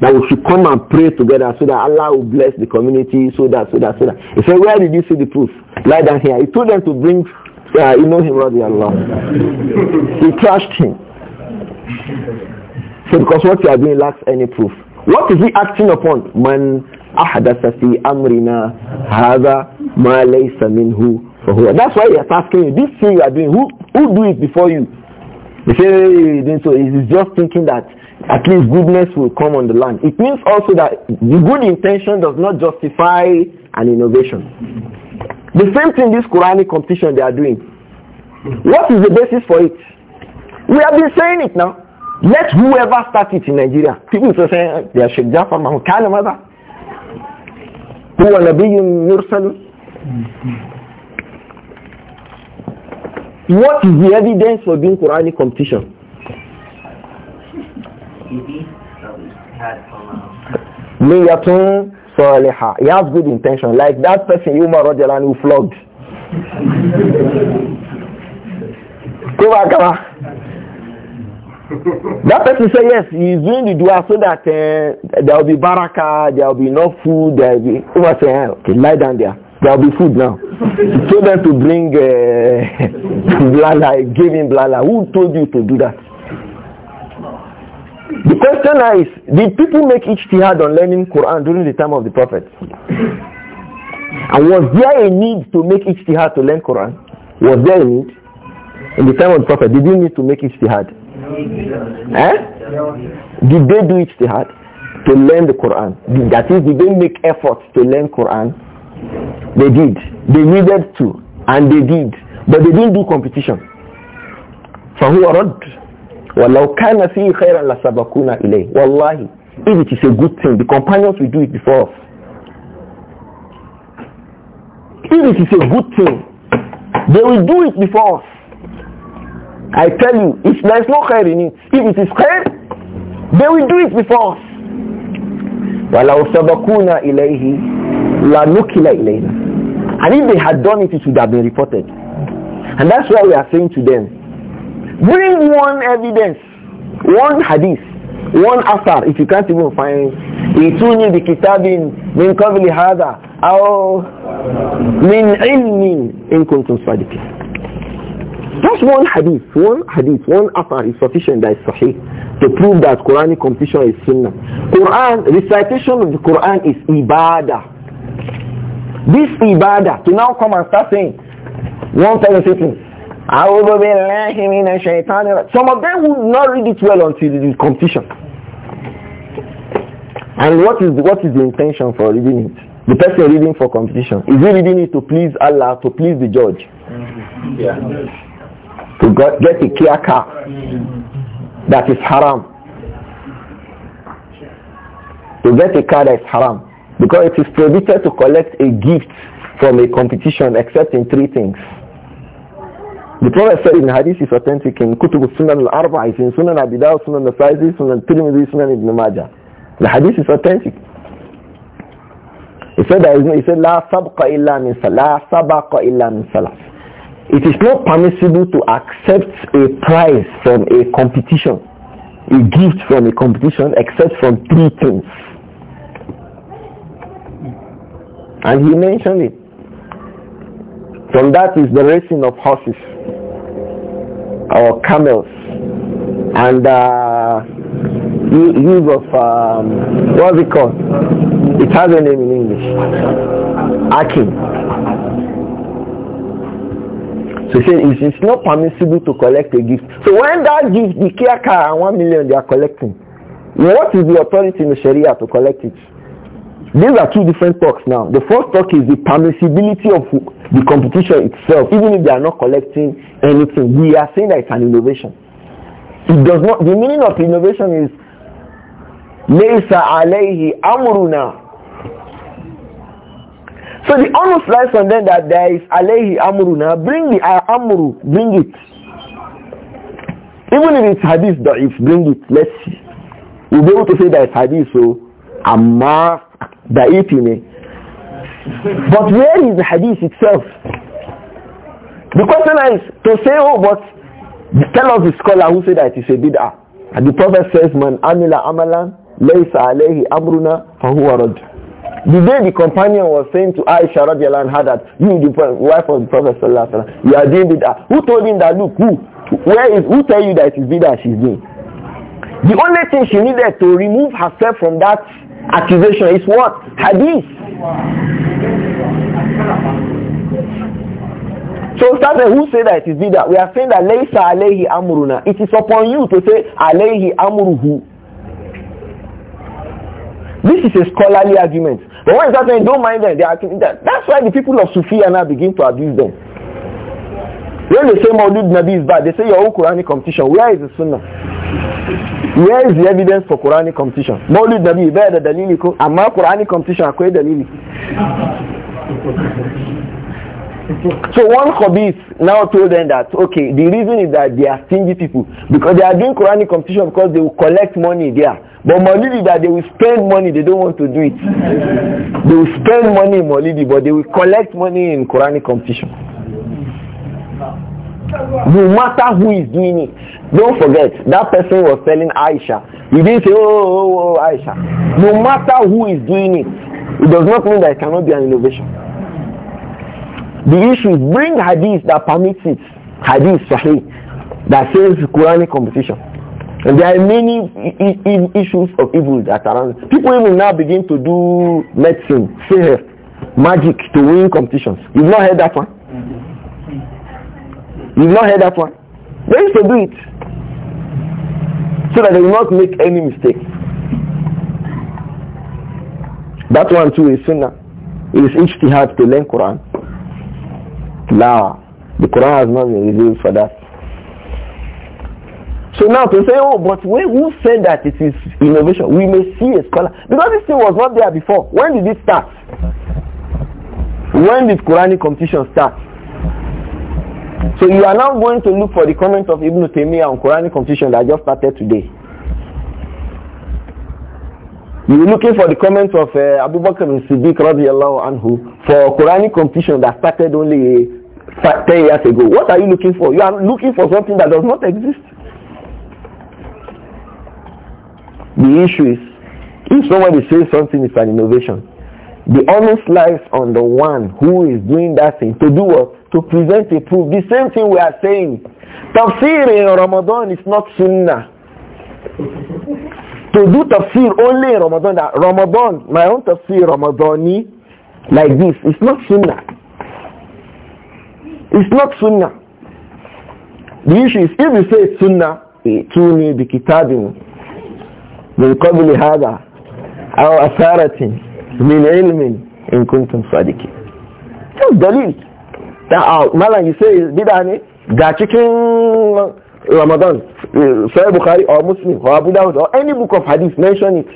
That we should come and pray together so that Allah will bless the community, so that, so that, so that. He said, where did you see the proof? Lie down here. He told them to bring yeah, you know him, Allah. he trashed him. So because what you are doing lacks any proof. What is he acting upon? Man ahdasa fi amrina hadha ma laysa minhu fahuwa. That's why he is asking you, this thing you are doing, who, who do it before you? He said, so so he's just thinking that at least goodness will come on the land. It means also that the good intention does not justify an
innovation.
The same thing this Quranic competition they are doing. What is the basis for it? We have been saying it now. Let whoever start it in Nigeria. People are saying eh, they are Sheikh Jafar Mahmoud. Kana mother. Who be in Mursal? What is the evidence for doing Quranic competition?
Um,
Niyatun salihah. He has good intention. Like that person Umar Rajalan who flogged. that person said yes, he's doing the dua so that uh, there will be baraka, there will be no food, there will be... Umar said, ah, okay, lie down there. There will be food now. he told them to bring uh, blala, gave him blala. Who told you to do that? The question now is, did people make ijtihad on learning Quran during the time of the Prophet? And was there a need to make ijtihad to learn Quran? Was there a need? In the time of the Prophet, did you need to make ijtihad? Eh? Did they do ijtihad to learn the Quran? That is, did they make efforts to learn Quran? They did. They needed to. And they did. But they didn't do competition. فهو رد وَلَوْ كَانَ فِيهِ la sabakuna إِلَيْهِ Wallahi, if it is a good thing, the companions will do it before us. If it is a good thing, they will do it before us. I tell you, if there is no khair in it, if it is khair, they will do it before us. وَلَوْ سَبَقُونَ إِلَيْهِ لَنُكِلَ إِلَيْهِ And if they had done it, it would have been reported. And that's why we are saying to them, Bring one evidence, one hadith, one after. If you can't even find, ituni bi kitabin min qabli hada aw min ilmin in kuntum sadiqin. Just one hadith, one hadith, one after is sufficient that is sahih to prove that Quranic completion is sunnah. Quran, recitation of the Quran is ibadah. This ibadah, to now come and start saying, one thousand things, some of them will not read it well until the competition. And what is what is the intention for reading it? The person reading for competition is he reading it to please Allah, to please the judge, yeah. to get
a clear car
that is haram, to get a car that is haram, because it is prohibited to collect a gift from a competition except in three things. The Prophet said in hadith is authentic in Kutub Sunan al-Arba, it's Sunan Abi Sunan al-Saizi, Sunan Tirmidhi, Sunan Ibn Majah. The hadith is authentic. He said, he said, min salah, min salah. It is not permissible to accept a prize from a competition, a gift from a competition, except from three things. And he mentioned it. From that is the racing of horses or camels and uh, use of um, what's it called? It has a name in English. Akin. So he it's, it's not permissible to collect a gift. So when that gift, the care car and one million they are collecting, what is the authority in the Sharia to collect it? These are two different talks now. The first talk is the permissibility of the competition itself, even if they are not collecting anything. We are saying that it's an innovation. It does not, the meaning of innovation is, لَيْسَ عَلَيْهِ أَمْرُنَا so the honest on then that there is alayhi amru bring the uh, amru, bring it. Even if it's hadith if bring it. Let's see. We'll be able to say that it's hadith, so Ammar Da'ifi ne. But where is the hadith itself? The question is to say, oh, but tell us the scholar who said that it's a bid'ah. And the Prophet says, man amila amalan laysa alayhi amruna fahuwa rad. The day the companion was saying to Aisha radiallahu anha that you, the wife of the Prophet sallallahu alaihi wasallam, you are doing bid'ah. Who told him that, look, who, where is, who tell you that it is bid'ah she's doing? The only thing she needed to remove herself from that accusation is what? Hadith. So start who say that it is bidah? We are saying that laysa alayhi amruna. It is upon you to say alayhi amruhu. This is a scholarly argument. But when you don't mind them, they are, that, that's why the people of Sufi now begin to abuse them. When they say Maulid Nabi is bad, they say your own Quranic competition. Where is the Sunnah? Where is the evidence for Quranic competition? Maulid Nabi, where the dalili ko? Amma Quranic competition, akwe dalili. So one Khabith now told them that, okay, the reason is that they are stingy people because they are doing Quranic competition because they will collect money there. But Maulidi that they will spend money, they don't want to do it. they will spend money in Maulidi, but they will collect money in Quranic competition.
No matter
who is doing it. Don't forget, that person was telling Aisha. You didn't say, oh, oh, oh, oh, Aisha. No matter who is doing it, it does not mean that it cannot be an innovation. The issue is bring hadith that permits it. Hadith, sahih, that says Quranic competition. And there are many issues of evil that are around. People even now begin to do medicine, sihr, magic to win competitions. You've not heard that one? You've not heard that one? They used to do it so that they will not make any mistake. That one too is sunnah. It is ijtihad to learn Quran. La. The Quran has not been revealed for that. So now to say, oh, but who said that it is innovation? We may see a scholar. Because this thing was not there before. When did it start? When did Quranic competition start? So you are now going to look for the comment of Ibn Taymiyyah on Quranic completion that I just started today. You are looking for the comment of uh, Abu Bakr al-Siddiq radiallahu anhu for Quranic completion that started only 10 years ago. What are you looking for? You are looking for something that does not exist. The issue is, if somebody says something is an innovation, the honest lies on the one who is doing that thing to do what? to present a proof. The same thing we are saying. Tafsir in Ramadan is not sunnah. to do tafsir only in Ramadan, that Ramadan, my own tafsir Ramadani, like this, it's not sunnah. It's not sunnah. The issue is if you say sunnah, it's the ائتوني the من قبل هذا our أثارة min علم إن كنتم صادقين. That's dalil da uh, malam you say bid'a ne ga cikin Ramadan uh, Sahih Bukhari or Muslim or Abu Dawud or any book of hadith mention it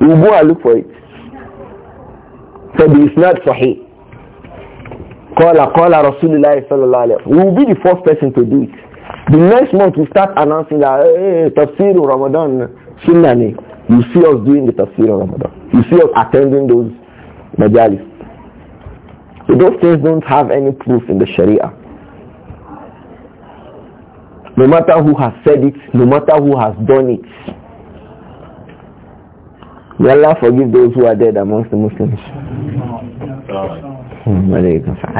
you go and look for it so it's not sahih qala qala rasulullah sallallahu alaihi we will be the first person to do it the next month we start announcing that hey, eh, tafsir ramadan sunnah you see us doing the tafsir ramadan you see us attending those majalis so those things don't have any proof in the Sharia. No matter who has said it, no matter who has done it. May Allah forgive those who are dead amongst the Muslims. Hmm, I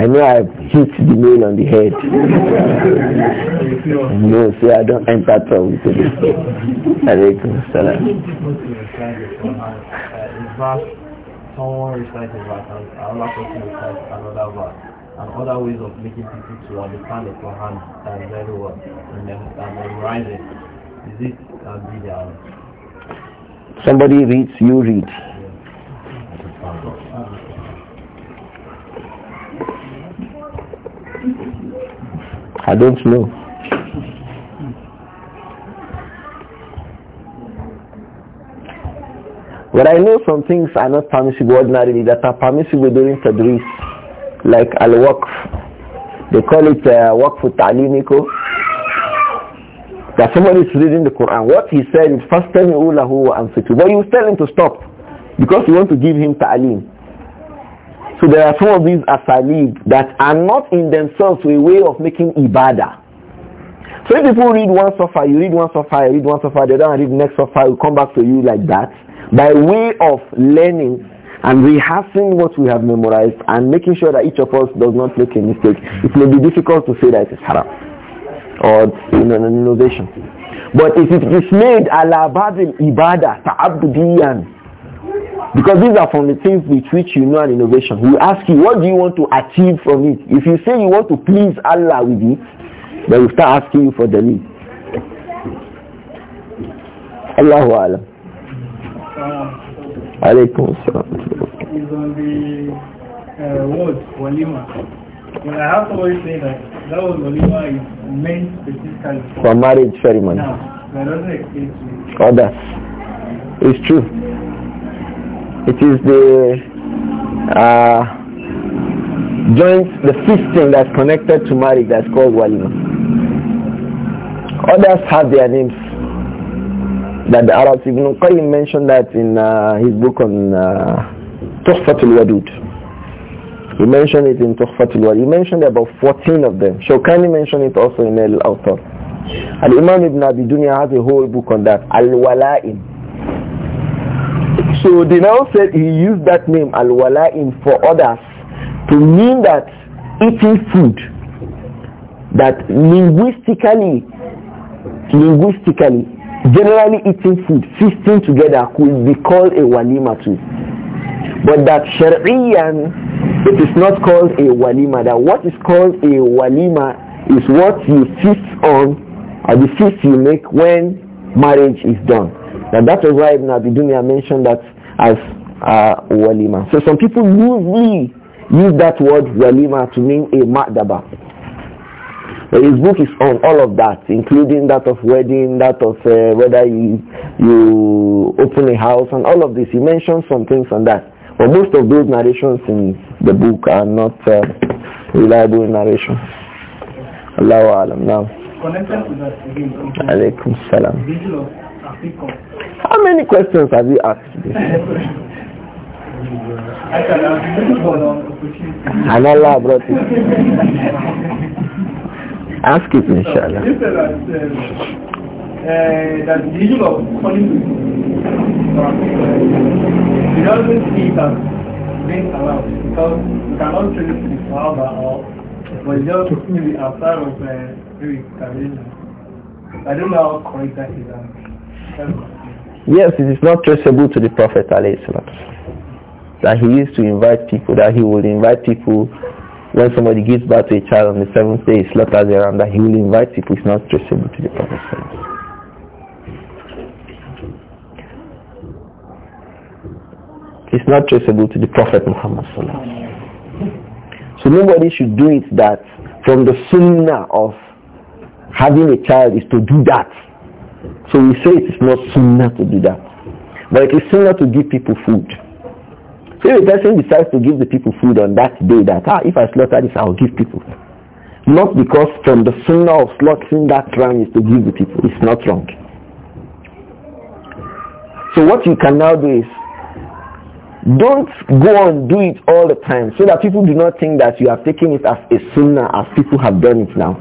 know I hit the nail on the head. no, see, I don't enter trouble today. Alaykum
someone reciting back and another person recites another verse and other ways of making people to understand the Quran and very well and, mem and memorize it. Is it a video?
Somebody reads, you read. I don't know. But I know some things are not permissible ordinarily that are permissible during Tadris, like Al-Waqf. They call it uh, Waqf Ta'limiko. That somebody is reading the Quran. What he said is, first tell me lahu and fitu. But you tell him to stop because you want to give him ta'lim. So there are some of these asalib that are not in themselves a way of making ibadah. So if people read one surah, you read one surah, you read one surah. They don't read next surah. will come back to you like that, by way of learning and rehearsing what we have memorized and making sure that each of us does not make a mistake, it may be difficult to say that it is haram or you know, an innovation. But if it is made ala badil ibadah ta'abdiyan, because these are from the things with which you know an innovation. We ask you, what do you want to achieve from it? If you say you want to please Allah with it, they will start asking you for the lead. Allahu Alam. Alaykum
It's on the uh, word Walima. Well, I have to always say that that word Walima is meant specifically for, marriage ceremony. No, that doesn't exist. Oh,
it's true. It is the uh, joint, the fifth thing that's connected to marriage that's called Walima. Others have their names. That the Arabs, Ibn Qayyim mentioned that in uh, his book on uh, Wadud. He mentioned it in Tuhfatul Wadud. He mentioned about 14 of them. Shawkani mentioned it also in al author. And imam Ibn Abi Dunya has a whole book on that. Al-Wala'im. So they now said he used that name Al-Wala'im for others to mean that eating food that linguistically linguistically, generally eating food, feasting together could be called a walima too. But that shari'an, it is not called a walima. That what is called a walima is what you feast on, or the feast you make when marriage is done. Now that is why Ibn Abi Dunya mentioned that as uh, walima. So some people loosely use that word walima to mean a madaba. His book is on all of that, including that of wedding, that of uh, whether you, you open a house, and all of this. He mentions some things on that. But most of those narrations in the book are not uh, reliable narrations. Allahu Alam. Now.
Alaykum Salam.
How many questions have you asked today? And Allah brought
it. Ask it, inshallah. Uh, uh, you said
that, that the of calling to you does see it being allowed because you cannot trace it to the Sahaba or but just maybe outside of uh, maybe I don't know how correct that is. Um,
yes, it is not traceable to the Prophet alayhi that he used to invite people, that he would invite people when somebody gives birth to a child on the seventh day, it's as around that he will invite people. It's not traceable to the Prophet. It's not traceable to the Prophet Muhammad. So nobody should do it that from the sunnah of having a child is to do that. So we say it is not sunnah to do that. But it is sunnah to give people food. If a person decides to give the people food on that day that, ah, if I slaughter this, I'll give people. Not because from the sunnah of slaughtering that ram is to give the people. It's not wrong. So what you can now do is, don't go on do it all the time so that people do not think that you have taken it as a sunnah as people have done it now.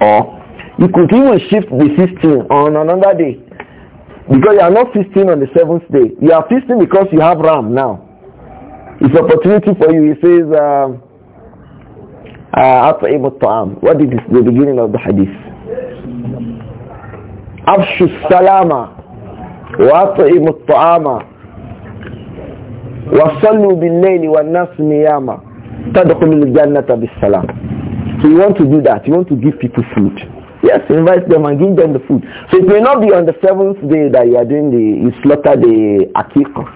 Or you could even shift the system on another day. Because you are not feasting on the seventh day. You are feasting because you have ram now. It's opportunity for you. He says, um, uh, What is the beginning of the hadith? أفشوا السلامة وأطعم الطعام وصلوا بالليل والناس نياما تدخل الجنة بالسلام. So you want to do that. You want to give people food. Yes, invite them and give them the food. So it may not be on the seventh day that you are doing the, you slaughter the akiko.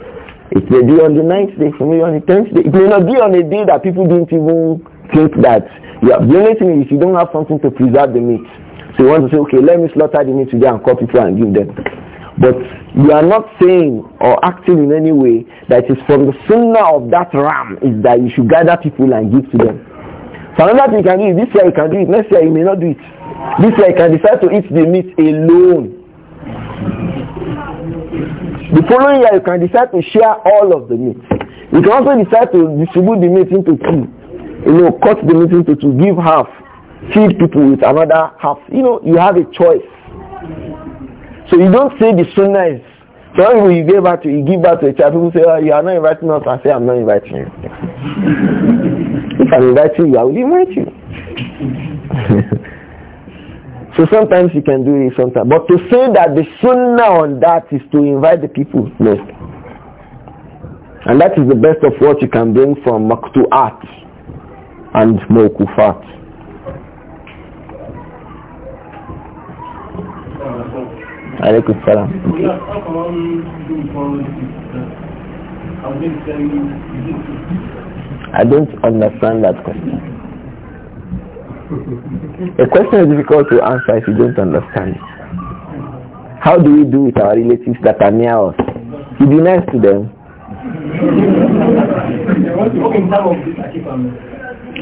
It may be on the ninth day, it may be on the tenth day. It may not be on a day that people didn't even think that. the only thing is you don't have something to preserve the meat. So you want to say, okay, let me slaughter the meat today and call people and give them. But you are not saying or acting in any way that it is from the sunnah of that ram is that you should gather people and give to them. So another thing you can do is this year you can do it, next year you may not do it. This year I can decide to eat the meat alone. The following year you can decide to share all of the meat. You can also decide to distribute the meat into two. You know, cut the meat into two, give half, feed people with another half. You know, you have a choice. So you don't say the sunnah is some people you give back to you give back to a child, people say, Oh, you are not inviting us. I say I'm not inviting you. if I'm inviting you, I will invite
you.
So sometimes you can do it sometimes. But to say that the sunnah on that is to invite the people, no. And that is the best of what you can bring from maktu'at and Mokufat.
Alaikum salam.
I don't understand that question. A question is difficult to answer if you don't understand. How do we do with our relatives that are near us? You be nice to them.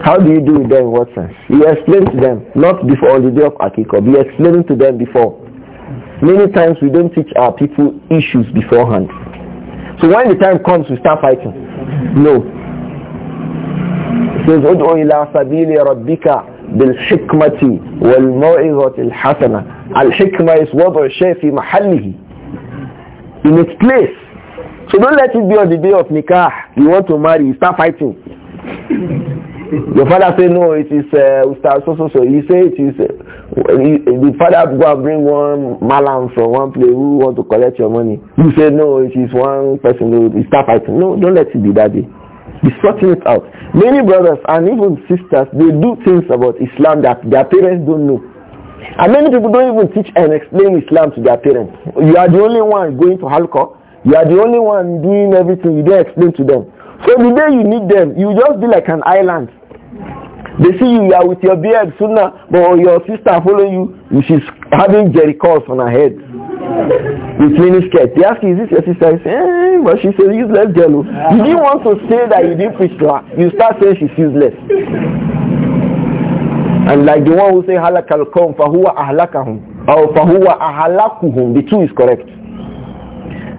How do you do with them, Watson? You explain to them, not before on the day of Akiko. You explain to them before. Many times we don't teach our people issues beforehand. So when the time comes, we start fighting. No. It says, بالحكمة والموعظة الحسنة الحكمة is وضع الشيء في محله in its place so don't let it be on the day of nikah you want to marry you start fighting your father say no it is uh, start so so so He say it is uh, you, the father go and bring one malam from one place who want to collect your money you say no it is one person who start fighting no don't let it be that day be sorting it out. Many brothers and even sisters, they do things about Islam that their parents don't know. And many people don't even teach and explain Islam to their parents. You are the only one going to Halqa. You are the only one doing everything. You don't explain to them. So the day you need them, you just be like an island. They see you, you are with your beard, sooner, but your sister following you, she's having jerry curls on her head. Between his skirt. They ask is this your sister? I say, eh, but she said, useless girl. Oh. You didn't want to say that you didn't preach to her. You start saying she's useless. And like the one who say halakal qawm fahuwa ahlakahum or fahuwa ahlakuhum, the two is correct.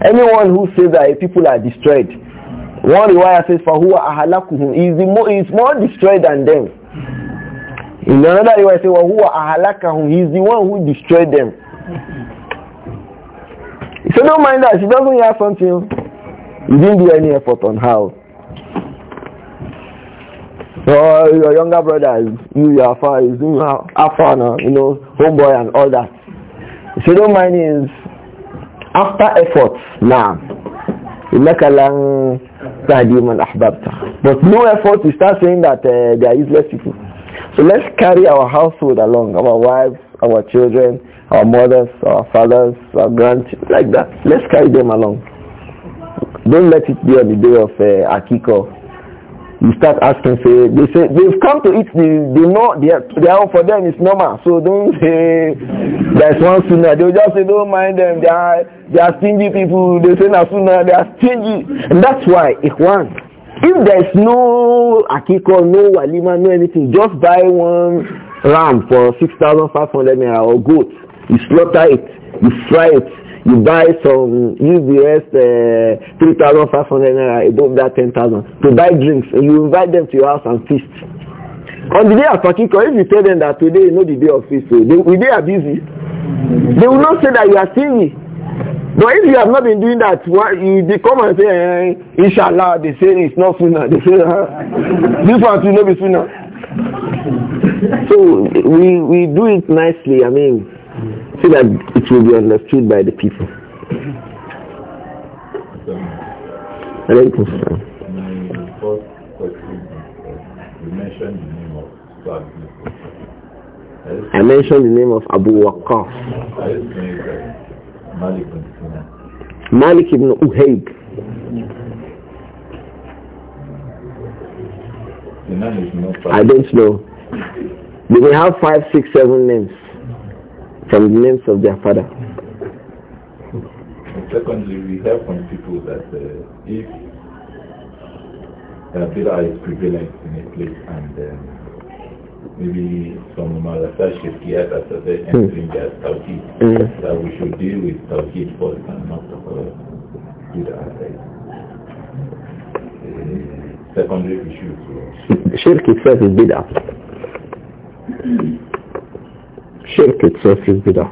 Anyone who says that people are destroyed, one riwayah says fahuwa ahlakuhum is more is more destroyed than them. In another riwayah say wahuwa ahlakahum, he's the one who destroyed them. So said, don't mind that. She doesn't have something. You didn't do any effort on how. oh, your younger brother, you, your father, is doing afar you know, homeboy and all that. So don't mind is after effort now. إنك لن تهدي من أحببت but no effort to start saying that uh, they are useless people so let's carry our household along our wives our children, our mothers, our fathers, our grandchildren, like that. Let's carry them along. Don't let it be on the day of uh, Akiko. You start asking, say, they say, they've come to eat the, they know, they are, they are, for them it's normal. So don't say, there's one sooner. They'll just say, don't mind them. They are, they are stingy people. They say, now sooner, they are stingy. And that's why, Ikhwan, if there's no Akiko, no Walima, no anything, just buy one ram for 6,500 naira or goat. You slaughter it, you fry it, you buy some, use the rest uh, 3,500 naira above that 10,000 to buy drinks and you invite them to your house and feast. On the day of Akiko, if you tell them that today is not the day of feast, so they, they are busy. They will not say that you are stingy. But if you have not been doing that, why, you, they come and say, eh, inshallah, they say it's not sooner. They say, huh? this one will not be sooner so we we do it nicely. I mean, so that it will be understood by the people. Alaikum salam.
My first question
is: you mentioned the name of I mentioned
the name of Abu Waqqas. Malik ibn Uhayb. I don't know. They will have five, six, seven names from the names of their father.
Secondly, we hear from people that uh, if uh, bid'ah is prevalent in a place and um, maybe some malasa Shirkiyat as a very entering their Tawheed, mm. that we should deal with Tawheed first and not uh, Bid'ah Secondly, Uh, secondary issues.
Shirk itself is Bid'ah. Shirk itself is bidah.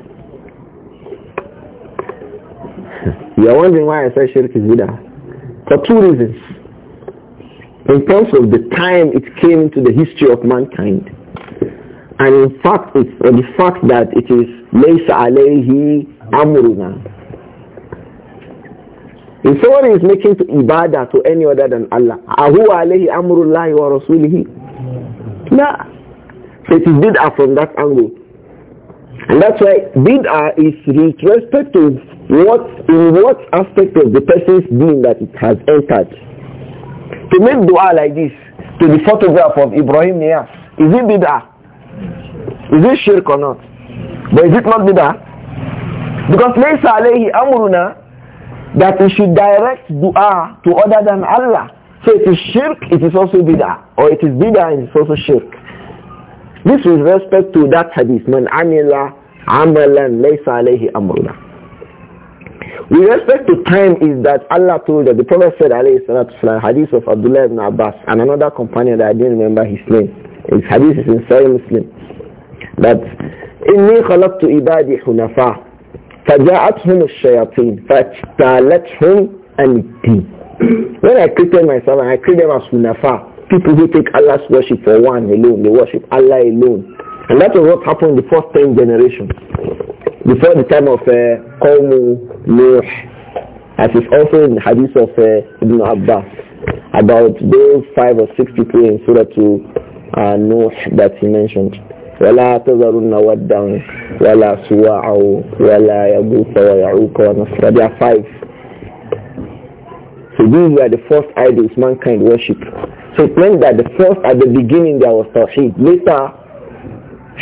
you are wondering why I say shirk is bidah. For two reasons. In terms of the time it came into the history of mankind, and in fact, it's uh, the fact that it is laysa alayhi amruna. If someone is making to ibadah to any other than Allah, ahu alayhi amrullahi wa rasulihi? It is bid'ah from that angle. And that's why bid'ah is with respect to what, in what aspect of the person's being that it has entered. To make dua like this, to the photograph of Ibrahim Niyas, is it bid'ah? Is it shirk or not? But is it not bid'ah? Because Laysa alayhi amruna that we should direct dua to other than Allah. So it is shirk, it is also bid'ah. Or it is bid'ah and it is also shirk. This with respect to that hadith, man amila amalan laysa alayhi amruna. With respect to time is that Allah told that the Prophet said alayhi salatu salam, hadith of Abdullah ibn Abbas and another companion that I didn't remember his name. His hadith is in Sahih Muslim. That إني خلقت إبادي حنفاء فجاءتهم الشياطين فاجتالتهم عن When I created myself and I created as hunafa, People who take Allah's worship for one alone, they worship Allah alone. And that was what happened in the first 10 generations. Before the time of uh, Qawmu uh, Nuh, as is also in the hadith of uh, Ibn Abbas, about those five or six people in Surah to uh, Nuh that he mentioned. ولا تذرن ودا ولا سواعا ولا يغوث ويعوق ونصر There are five. So these were the first idols mankind worshipped. So it meant that the first, at the beginning there was Tawheed. Later,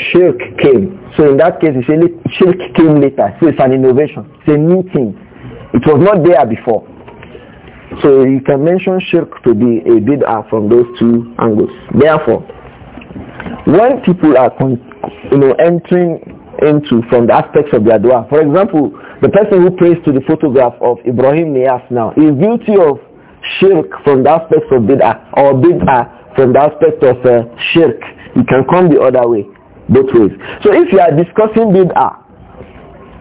Shirk came. So in that case, Shirk came later. So it's an innovation. It's a new thing. It was not there before. So you can mention Shirk to be a bid'ah from those two angles. Therefore, when people are you know, entering into from the aspects of their dua, for example, the person who prays to the photograph of Ibrahim Nias now is guilty of shirk from the aspect of bid'ah or bid'ah from the aspect of uh, shirk. It can come the other way, both ways. So if you are discussing bid'ah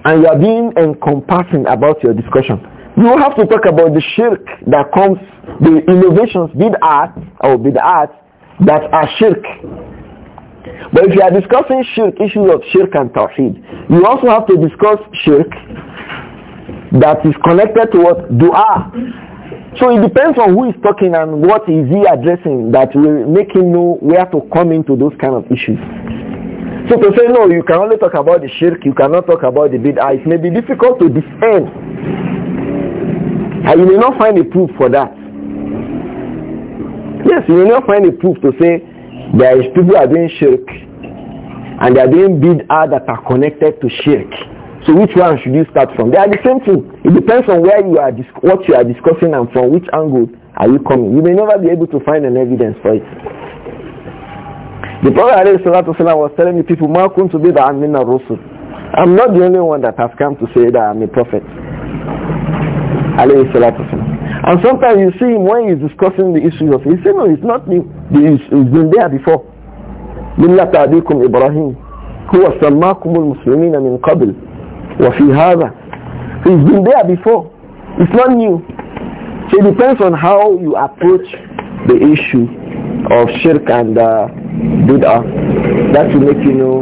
and you are being encompassing about your discussion, you have to talk about the shirk that comes, the innovations, bid'ah or bid'ah that are shirk. But if you are discussing shirk, issues of shirk and tawhid, you also have to discuss shirk that is connected to what? Dua so it depends on who is talking and what is he addressing that will make him know where to come into those kind of issues. So to say, no, you can only talk about the shirk, you cannot talk about the bid'ah, it may be difficult to defend. And you may not find a proof for that. Yes, you may not find a proof to say there is people are doing shirk and they are doing bid'ah that are connected to shirk. So which one should you start from? They are the same thing. It depends on where you are, what you are discussing and from which angle are you coming. You may never be able to find an evidence for it. The Prophet was telling the people, Malkun to be the Amina Rasul. I'm not the only one that has come to say that I'm a prophet. And sometimes you see him when he's discussing the issues of, he say, no, it's not new. It's been there before. Ibrahim, ملة أبيكم إبراهيم Muslimin and in من wa Fi هذا it's been there before. It's not new. So it depends on how you approach the issue of shirk and uh, bid'ah. That will make you know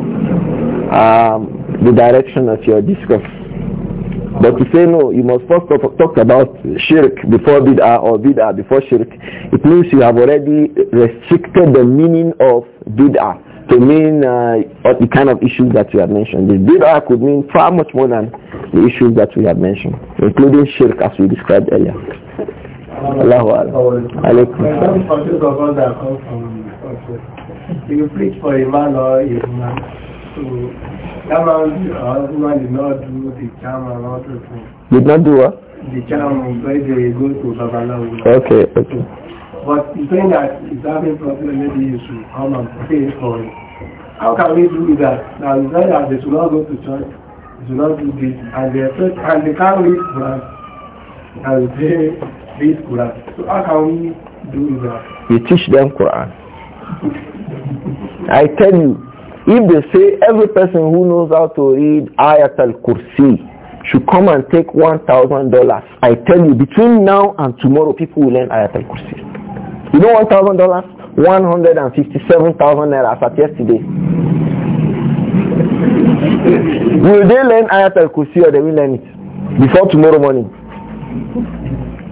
um, the direction of your discourse. But to say no, you must first talk about shirk before bid'ah or bid'ah before shirk. It means you have already restricted the meaning of bid'ah. to mean uh, the kind of issues that you have mentioned. this bid'ah could mean far much more than the issues that we have mentioned, including shirk as we described earlier.
Allahu Alaikum. Uh,
um, you preach for a man or a woman. So that man or uh, woman did not do the charm and all those things.
Did not do what?
The charm, where they go to Babalawo. Okay, okay. But he's saying that he's having problem, maybe he should come and pray for it. How can we do that? Now he's saying that they should not go to church, they should not do this, and they, and they can't read Quran and they read Quran. So how can we do that?
You teach them Quran. I tell you, if they say every person who knows how to read Ayat al-Kursi should come and take $1,000, I tell you, between now and tomorrow, people will learn Ayat al-Kursi. You know one thousand dollars? One hundred and fifty-seven thousand naira as at yesterday. will they learn Ayatul al Kursi or they will learn it before tomorrow morning?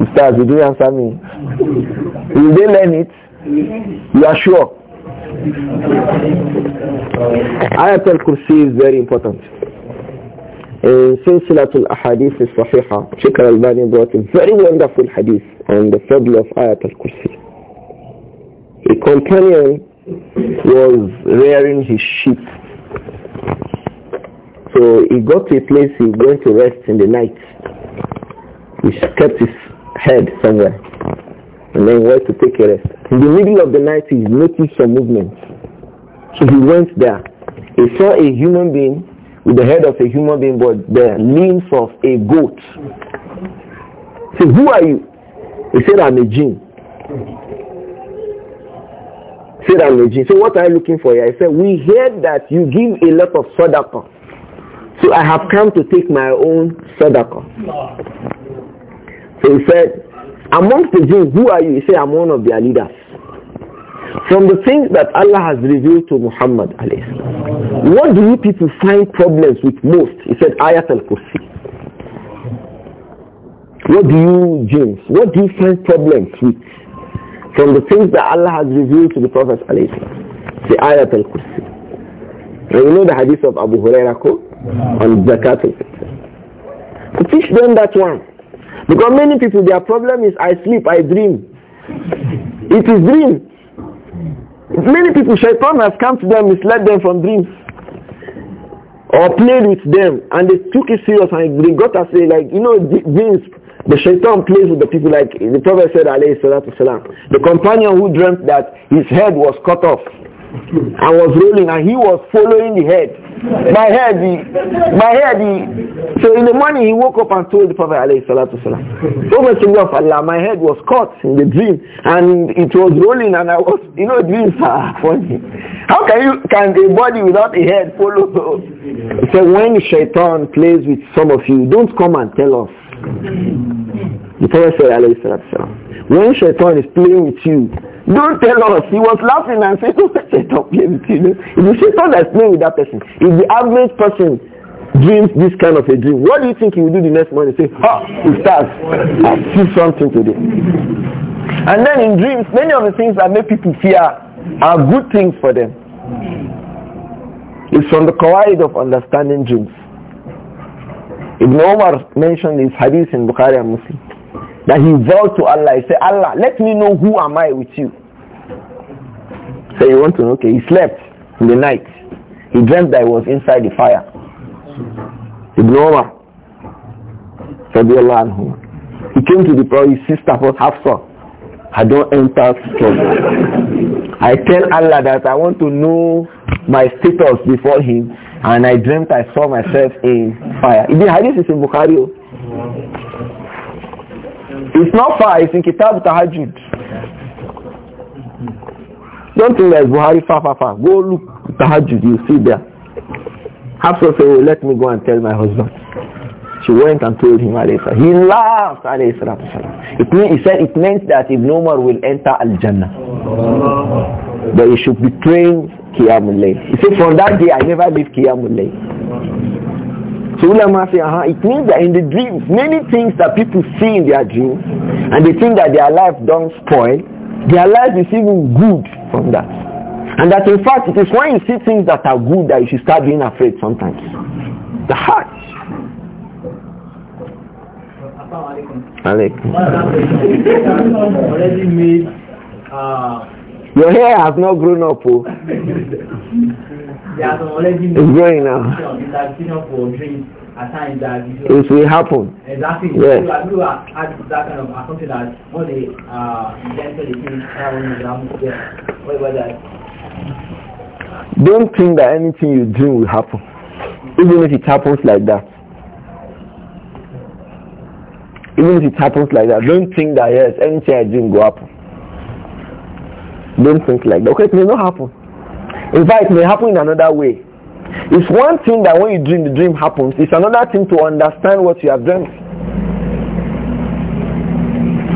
Ustaz, did you answer me? Will they learn
it?
You are sure? Ayatul Kursi is very important. In Silsilatul Ahadith is Sahiha, Sheikh al-Albani brought a very wonderful hadith on the fable of Ayatul kursi a companion was rearing his sheep. So he got to a place he was going to rest in the night. He kept his head somewhere and then went to take a rest. In the middle of the night he noticed some movement. So he went there. He saw a human being with the head of a human being but the limbs of a goat. So who are you? He said, I'm a jinn. Said Amneji, so what are you looking for here? I said, we heard that you give a lot of sadaqah. So I have come to take my own sadaqah. So he said, amongst the Jews, who are you? He said, I'm one of their leaders. From the things that Allah has revealed to Muhammad, what do you people find problems with most? He said, Ayat al-Kursi. What do you, James, what do you find problems with? from the things that Allah has revealed to the Prophet alayhi the ayat al-kursi. you know the hadith of Abu Hurairah on zakat al-fitr. So teach them that one. Because many people, their problem is I sleep, I dream. It is dream. Many people, shaitan has come to them, misled them from dreams. Or played with them and they took it serious and they got say like, you know, dreams the shaitan plays with the people like the Prophet said, alayhi salatu salam. The companion who dreamt that his head was cut off and was rolling and he was following the head. My head, he, my head, he. So in the morning he woke up and told the Prophet alayhi salatu salam, of Allah, my head was cut in the dream and it was rolling and I was, you know, dreams are funny. How can you, can a body without a head follow? So when shaitan plays with some of you, don't come and tell us. The Prophet said, alayhi salatu when shaitan is playing with you, don't tell us. He was laughing and saying, don't let shaitan play with you. If the shaitan is playing with that person, if the average person dreams this kind of a dream, what do you think he will do the next morning? Say, ha, oh, stars, I see something today. And then in dreams, many of the things that make people fear are good things for them. It's from the kawaii of understanding dreams. Ibn Omar mentioned this hadith in Bukhari and Muslim that he vowed to Allah. He said, Allah, let me know who am I with you. So you want to know? Okay, he slept in the night. He dreamt that he was inside the fire. Ibn Omar, radiallahu Allah, he came to the Prophet, his sister was half-saw. I don't enter struggle. I tell Allah that I want to know my status before him and I dreamt I saw myself in fire. The hadith is in Bukhari. Oh.
It's not far, it's
in Kitab Tahajjud. Don't think there's Buhari far, far, far. Go look Tahajjud, you see there. Hafsa said, oh, let me go and tell my husband. She went and told him, alayhi He laughed, alayhi It mean, he said it meant that Ibn Umar will enter Al-Jannah. That he should be trained Qiyamul He said, from that day I never leave Kiyamule. So ulama say, uh -huh, it means that in the dreams, many things that people see in their dreams, and they think that their life don't spoil, their life is even good from that. And that in fact, it is when you see things that are good that you should start being afraid sometimes. The heart. Alaikum.
already made uh,
your hair has not grown up. Oh. it's
growing now. It will happen. Exactly. Yes. Uh, oh,
don't think that anything you dream will happen, even if it happens like that even if it happens like that, don't think that yes, anything I dream will happen. Don't think like that. Okay, it may not happen. In fact, it may happen in another way. It's one thing that when you dream, the dream happens. It's another thing to understand what you have dreamt.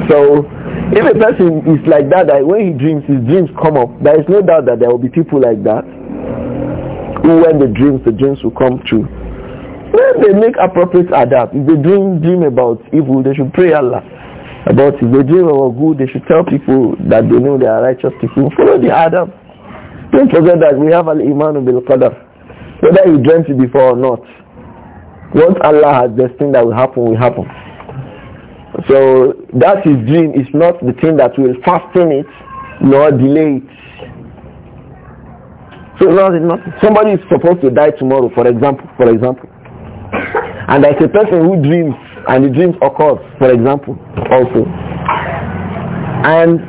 So, if a person is like that, that when he dreams, his dreams come up, there is no doubt that there will be people like that. Who, when the dreams, the dreams will come true. When they make appropriate adapt, if they dream, dream about evil, they should pray Allah about if they dream about good, they should tell people that they know they are righteous people. Follow the Adam. Don't forget that we have al-Iman bil qadar Whether you dreamt it before or not, what Allah has destined that will happen, will happen. So that is dream is not the thing that will fasten it nor delay it. So not, not, somebody is supposed to die tomorrow, for example, for example. And there's a person who dreams and the dream occurs, for example, also. And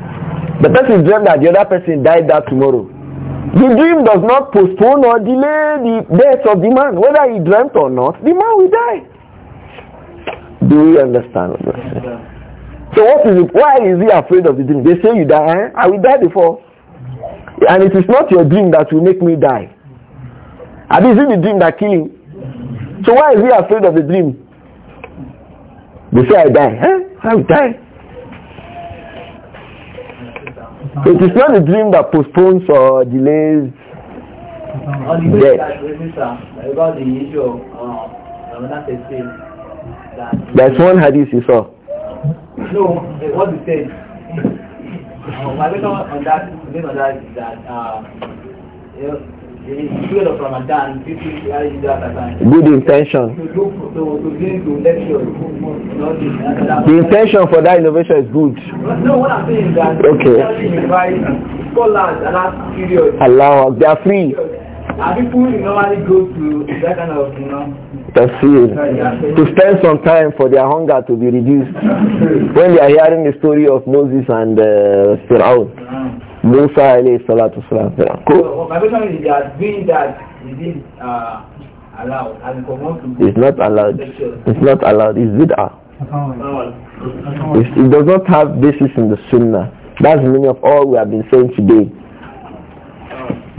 the person dreamed that the other person died that tomorrow. The dream does not postpone or delay the death of the man. Whether he dreamt or not, the man will die. Do we understand? So what is it? Why is he afraid of the dream? They say you die. Eh? I will die before. And it is not your dream that will make me die. And is not the dream that killing. So why is he afraid of the dream? They say I die. Eh? I will die. it is not a dream that postpones or delays
death. There's
one hadith you saw.
No, what you said. My question on that, on that is that uh, Good intention. The
intention for that innovation is good.
No, what I'm saying is that okay. scholars are not curious.
Allah, they are free.
people normally go to that kind of, you know,
tafsir to spend some time for their hunger to be reduced when they are hearing the story of Moses and uh, Pharaoh Musa alayhi salatu salam. So,
my question is that being that is uh, allowed? it's not allowed. It's
not allowed. It's bid'ah. It's, it does not have basis in the sunnah. That's the meaning of all we have been saying today.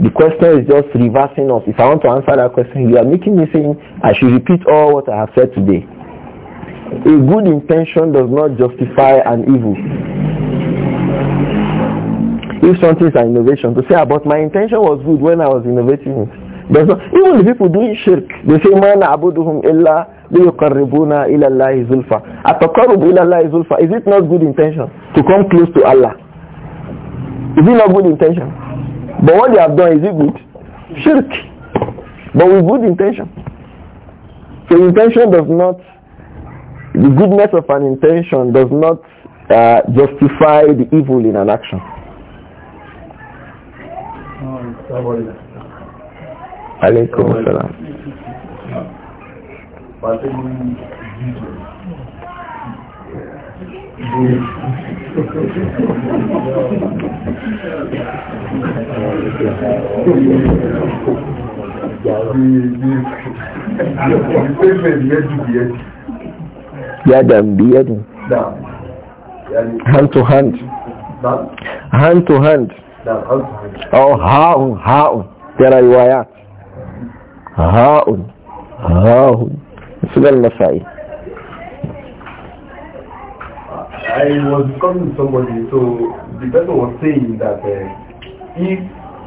The question is just reversing us. If I want to answer that question, you are making me saying I should repeat all what I have said today. A good intention does not justify an evil. If something is an innovation, to say, ah, but my intention was good when I was innovating it. There's not, even the people doing shirk, they say, man abuduhum illa liyukarribuna illa Allahi zulfa. Atakarub illa Allahi zulfa. Is it not good intention to come close to Allah? Is it not good intention? But what they have done, is it good? Shirk. But with good intention. So intention does not, the goodness of an intention does not uh, justify the evil in an action.
عليكم السلام
يدا بيد
هاند تو هاند
هاند تو هاند
أو
هاء هاء ترى روايات هاء هاء مثل المسائل
I was talking to somebody, so the person was saying that uh, if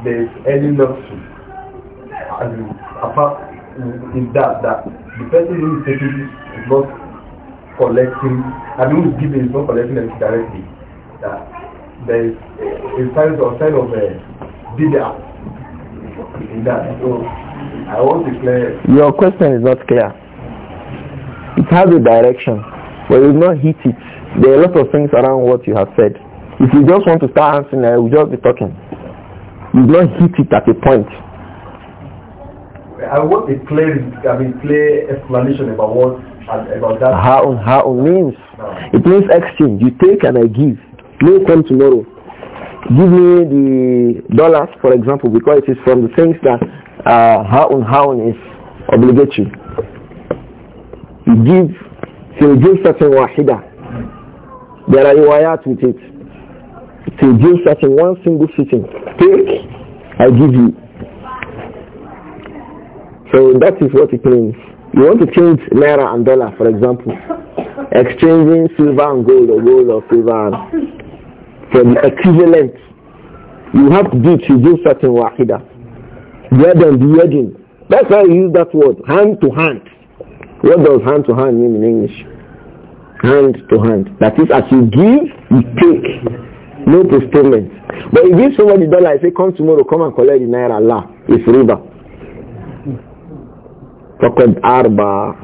there's any luxury, I mean, apart in that, that the person who is taking is not collecting, I mean, who is giving is not collecting them directly, that there is a of of a eh, bidder in that. So I want to clear.
Your question is not clear. It has a direction, but you will not hit it. There are a lot of things around what you have said. If you just want to start answering, I eh, will just be talking. You will not hit it at a point.
I want a clear, I mean, clear explanation about what about that.
How on how on means no. it means exchange. You take and I give. May come tomorrow. Give me the dollars, for example, because it is from the things that uh, Ha'un Ha'un is obligatory. You give you give certain Wahida. There are wired with it. You give certain one single sitting. Take, I give you. So that is what it means. You want to change naira and dollar, for example. Exchanging silver and gold or gold or silver and for the equivalent. You have to do shujusatin wahida. Yadan biyadin. That's why I use that word, hand to hand. What does hand to hand mean in English? Hand to hand. That is, as you give, you take. No postponement. But if you give somebody dollar, I say, come tomorrow, come and collect the naira Allah. It's riba. فقد arba,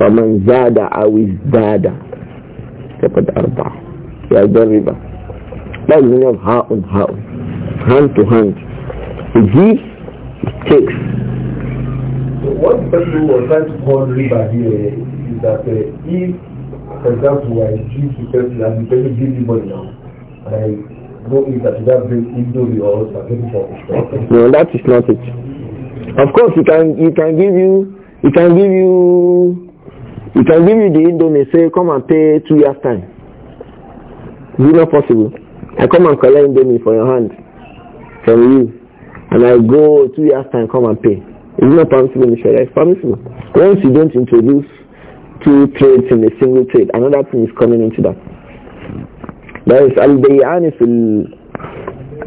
فمن zada awiz ازداد فقد arba. I the river. That is the meaning of ha'un, ha'un. Hand to hand. It gives, takes.
So what the person was trying to call river here is that uh, if, for example, I give the person and the person gives me money now, and I go eat that, that brings injury or something for
No, that is not it. Of course, you can, you can give you, you can give you, you can give you the Indonesian say, come and pay two years time. Is it not possible? I come and collect indemnity for your hand, from you, and I go two years time come and pay. Is it not permissible in It's permissible. Once you don't introduce two trades in a single trade, another thing is coming into that. That is al-bay'an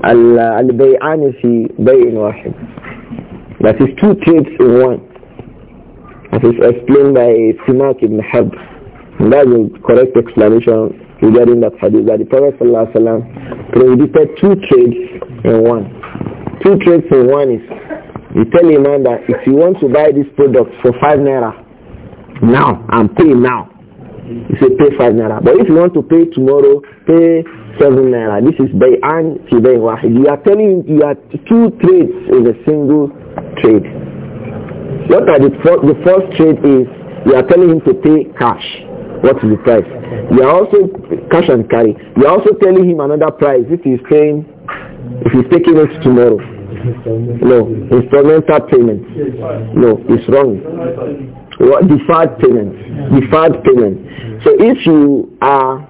al-bay'an fi bay'in wahid. That is two trades in one. That is explained by Simak ibn Hab. that is the correct explanation regarding that hadith that the Prophet ﷺ prohibited two trades in one. Two trades in one is you tell a man that if you want to buy this product for five naira now and pay now, you say pay five naira. But if you want to pay tomorrow, pay seven naira. This is bayan fi bayan wahid. You are telling you are two trades in a single trade. What are the, the first trade is you are telling him to pay cash. What is the price? You are also, cash and carry, you are also telling him another price if he's paying, if he's taking it tomorrow. No, instrumental payment. No, it's wrong. What, deferred payment. Deferred payment. So if you are,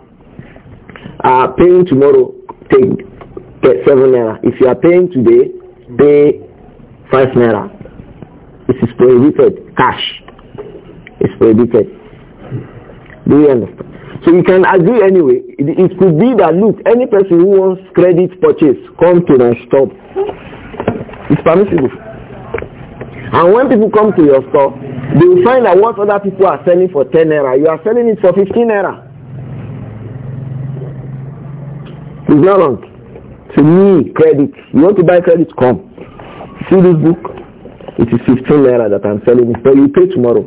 are paying tomorrow, take, take 7 naira. If you are paying today, pay 5 naira. This is prohibited. Cash. It's prohibited. Do you understand? So you can agree anyway. It, it could be that, look, any person who wants credit purchase, come to my store. It's permissible. And when people come to your store, they will find that what other people are selling for 10 naira, you are selling it for 15 naira. It's not wrong. To me, credit. You want to buy credit, come. See this book? It is 15 naira that I'm selling it. So you pay tomorrow.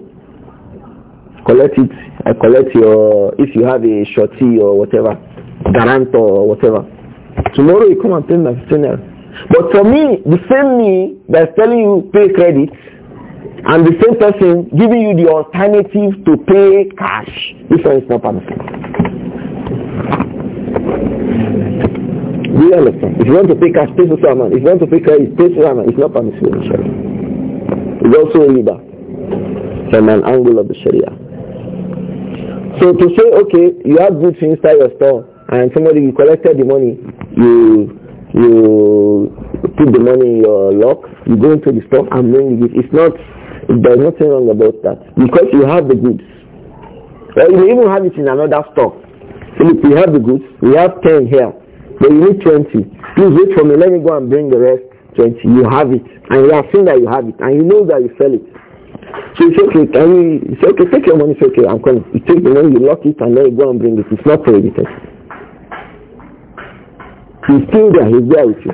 Collect it. I collect your, if you have a shorty or whatever, garant or whatever. Tomorrow you come and pay my funeral. But for me, the same me that's telling you pay credit, and the same person giving you the alternative to pay cash, this one is not permissible. Do you understand? If you want to pay cash, pay social If you want to pay cash, pay social It's not permissible It's also illegal from an angle of the Sharia. So to say, okay, you have goods inside your store and somebody, you collected the money, you you put the money in your lock, you go into the store and bring it. It's not, there's nothing wrong about that because you have the goods. Or you even have it in another store. So if we have the goods, we have 10 here, but you need 20. Please wait for me, let me go and bring the rest, 20. You have it, and you have seen that you have it, and you know that you sell it. So it's okay, can we, it's okay, take your money, it's okay, I'm coming. You take the money, you lock it, and then you go and bring it. It's not prohibited. He's still there, he's there with you.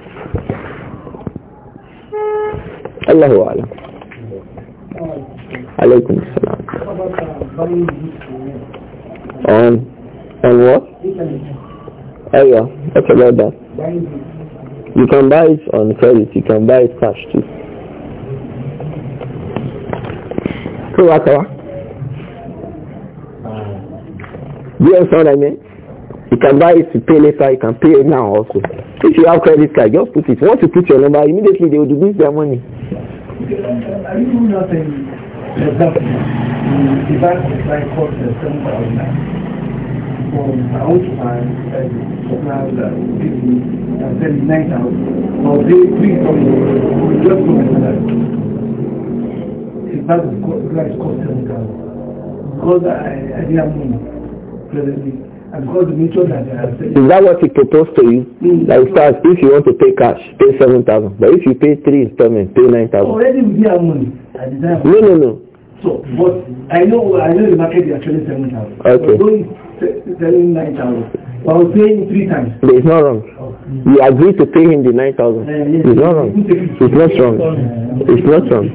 Allahu Alaikum. Alaykum salam. On, um, and what? Oh yeah, that's about that. You can buy it on credit, you can buy it cash too. pè wá tẹ̀wá. Do you understand what I mean? You can buy it to pay later, you can pay it now also. If you have credit card, just put it. Once you put your number, immediately they will deduce their money.
Are I like cost seven That's the right question. Because I, I didn't presently. And because that I have Is
that what he proposed to you? Mm. Like stars, if you want to pay cash, pay seven thousand. But if you pay three installments, pay nine thousand.
Already we have money. I design. No, no, no. So, but I know, I know the market is actually seven thousand. Okay. So going, nine thousand. I will pay him three times.
But it's not wrong. You agree to pay him the 9,000. Uh, it's not wrong. It's not wrong. It's not wrong.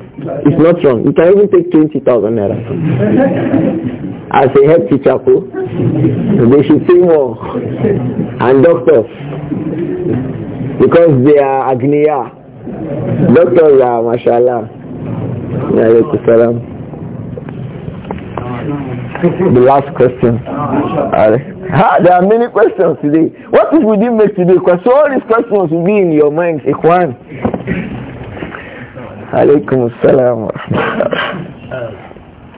It's not wrong. You can even take 20,000 naira. As a head teacher, they should pay more. And doctors. Because they are
Agniya.
Doctors are, mashallah. a salam.
The
last question. Ah, there are many questions today. What if we didn't make today? Because all these questions will be in your mind. Ikhwan.
Alaykum assalam uh,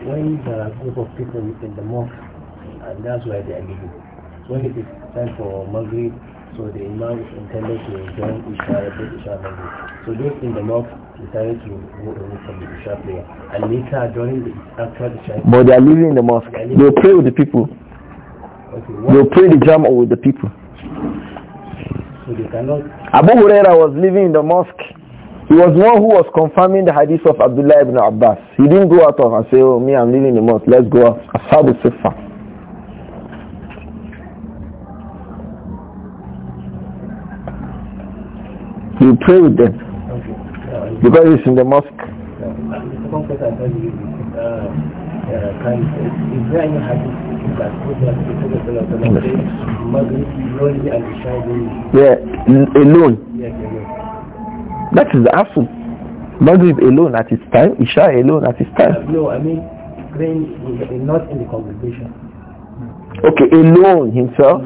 When there are group of people within the mosque, and that's why they are living, when it is time for Maghrib, so the Imam intended to join Isha every Isha Monday. So those in the north decided to go away from the Isha prayer. And later during the after Isha But
they are leaving the mosque. They will pray with the people.
Okay, they will pray the
jam with the people.
So they cannot Abu Huraira was living in
the mosque. He was one who was confirming the hadith of Abdullah ibn Abbas. He didn't go out of and say, oh, me, I'm leaving the mosque. Let's go out. Ashab Sifah. You pray with them.
Because it's in the mosque.
Yeah, alone.
That is the absolute. Maghrib alone at its time, Isha alone at its time.
No, I mean praying not in the congregation.
Okay, alone himself.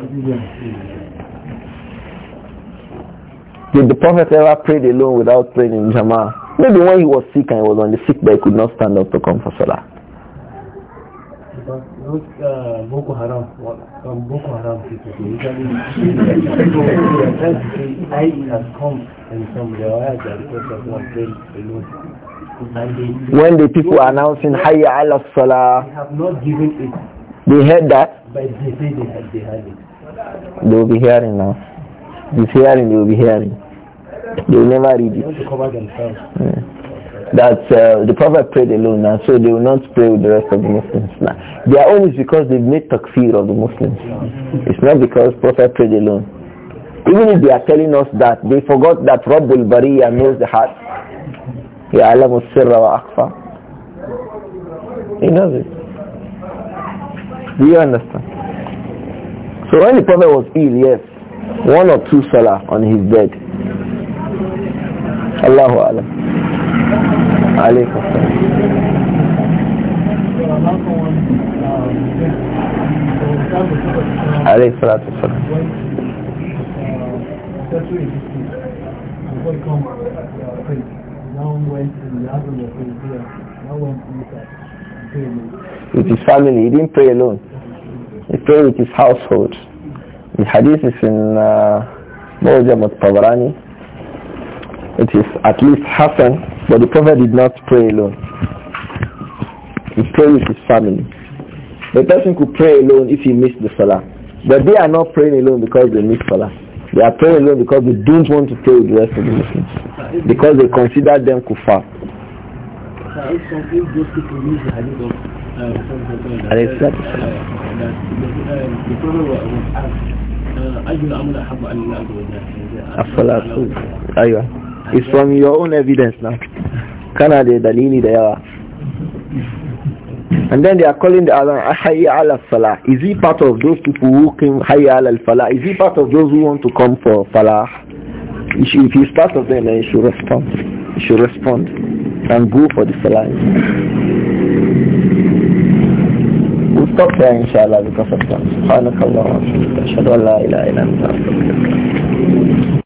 Did the Prophet ever pray alone without praying in Jama'ah? Maybe when he was sick and he was on the sick bed, he could not stand up to come for Salah.
Look, uh, Boko people, When the people are announcing Hayya ala Salah, they have not given it.
They heard that?
But they say they had, they had it.
They will be hearing now. This hearing, they will be hearing.
They will never read it.
That uh, the Prophet prayed alone now, so they will not pray with the rest of the Muslims now. they are only because they've made takfir of the Muslims. It's not because Prophet prayed alone. Even if they are telling us that, they forgot that Rabbul Bariya knows the heart. يعلم السر وأخفى He knows it. Do you understand? So when the Prophet was ill, yes, one or two salah on his bed, الله أعلم عليك السلام عليه الصلاة
والسلام
With his family, he didn't pray alone. He prayed with his household. The hadith is in uh, Mawjam al-Tabarani, It is at least Hassan, but the Prophet did not pray alone. He prayed with his family. The person could pray alone if he missed the Salah. But they are not praying alone because they miss Salah. They are praying alone because they don't want to pray with the rest of the Muslims. Because they consider them kuffar.
الصلاة أيوة it's from
your own evidence now. Kana da dalili da yawa. And then they are calling the Al Hayya ala Salah. Is he part of those people who came Hayya ala Falah? Is he part of those who want to come for Falah? If he's part of them, then he should respond. He should respond and go for the Salah. We'll stop there inshallah because of time. سبحانك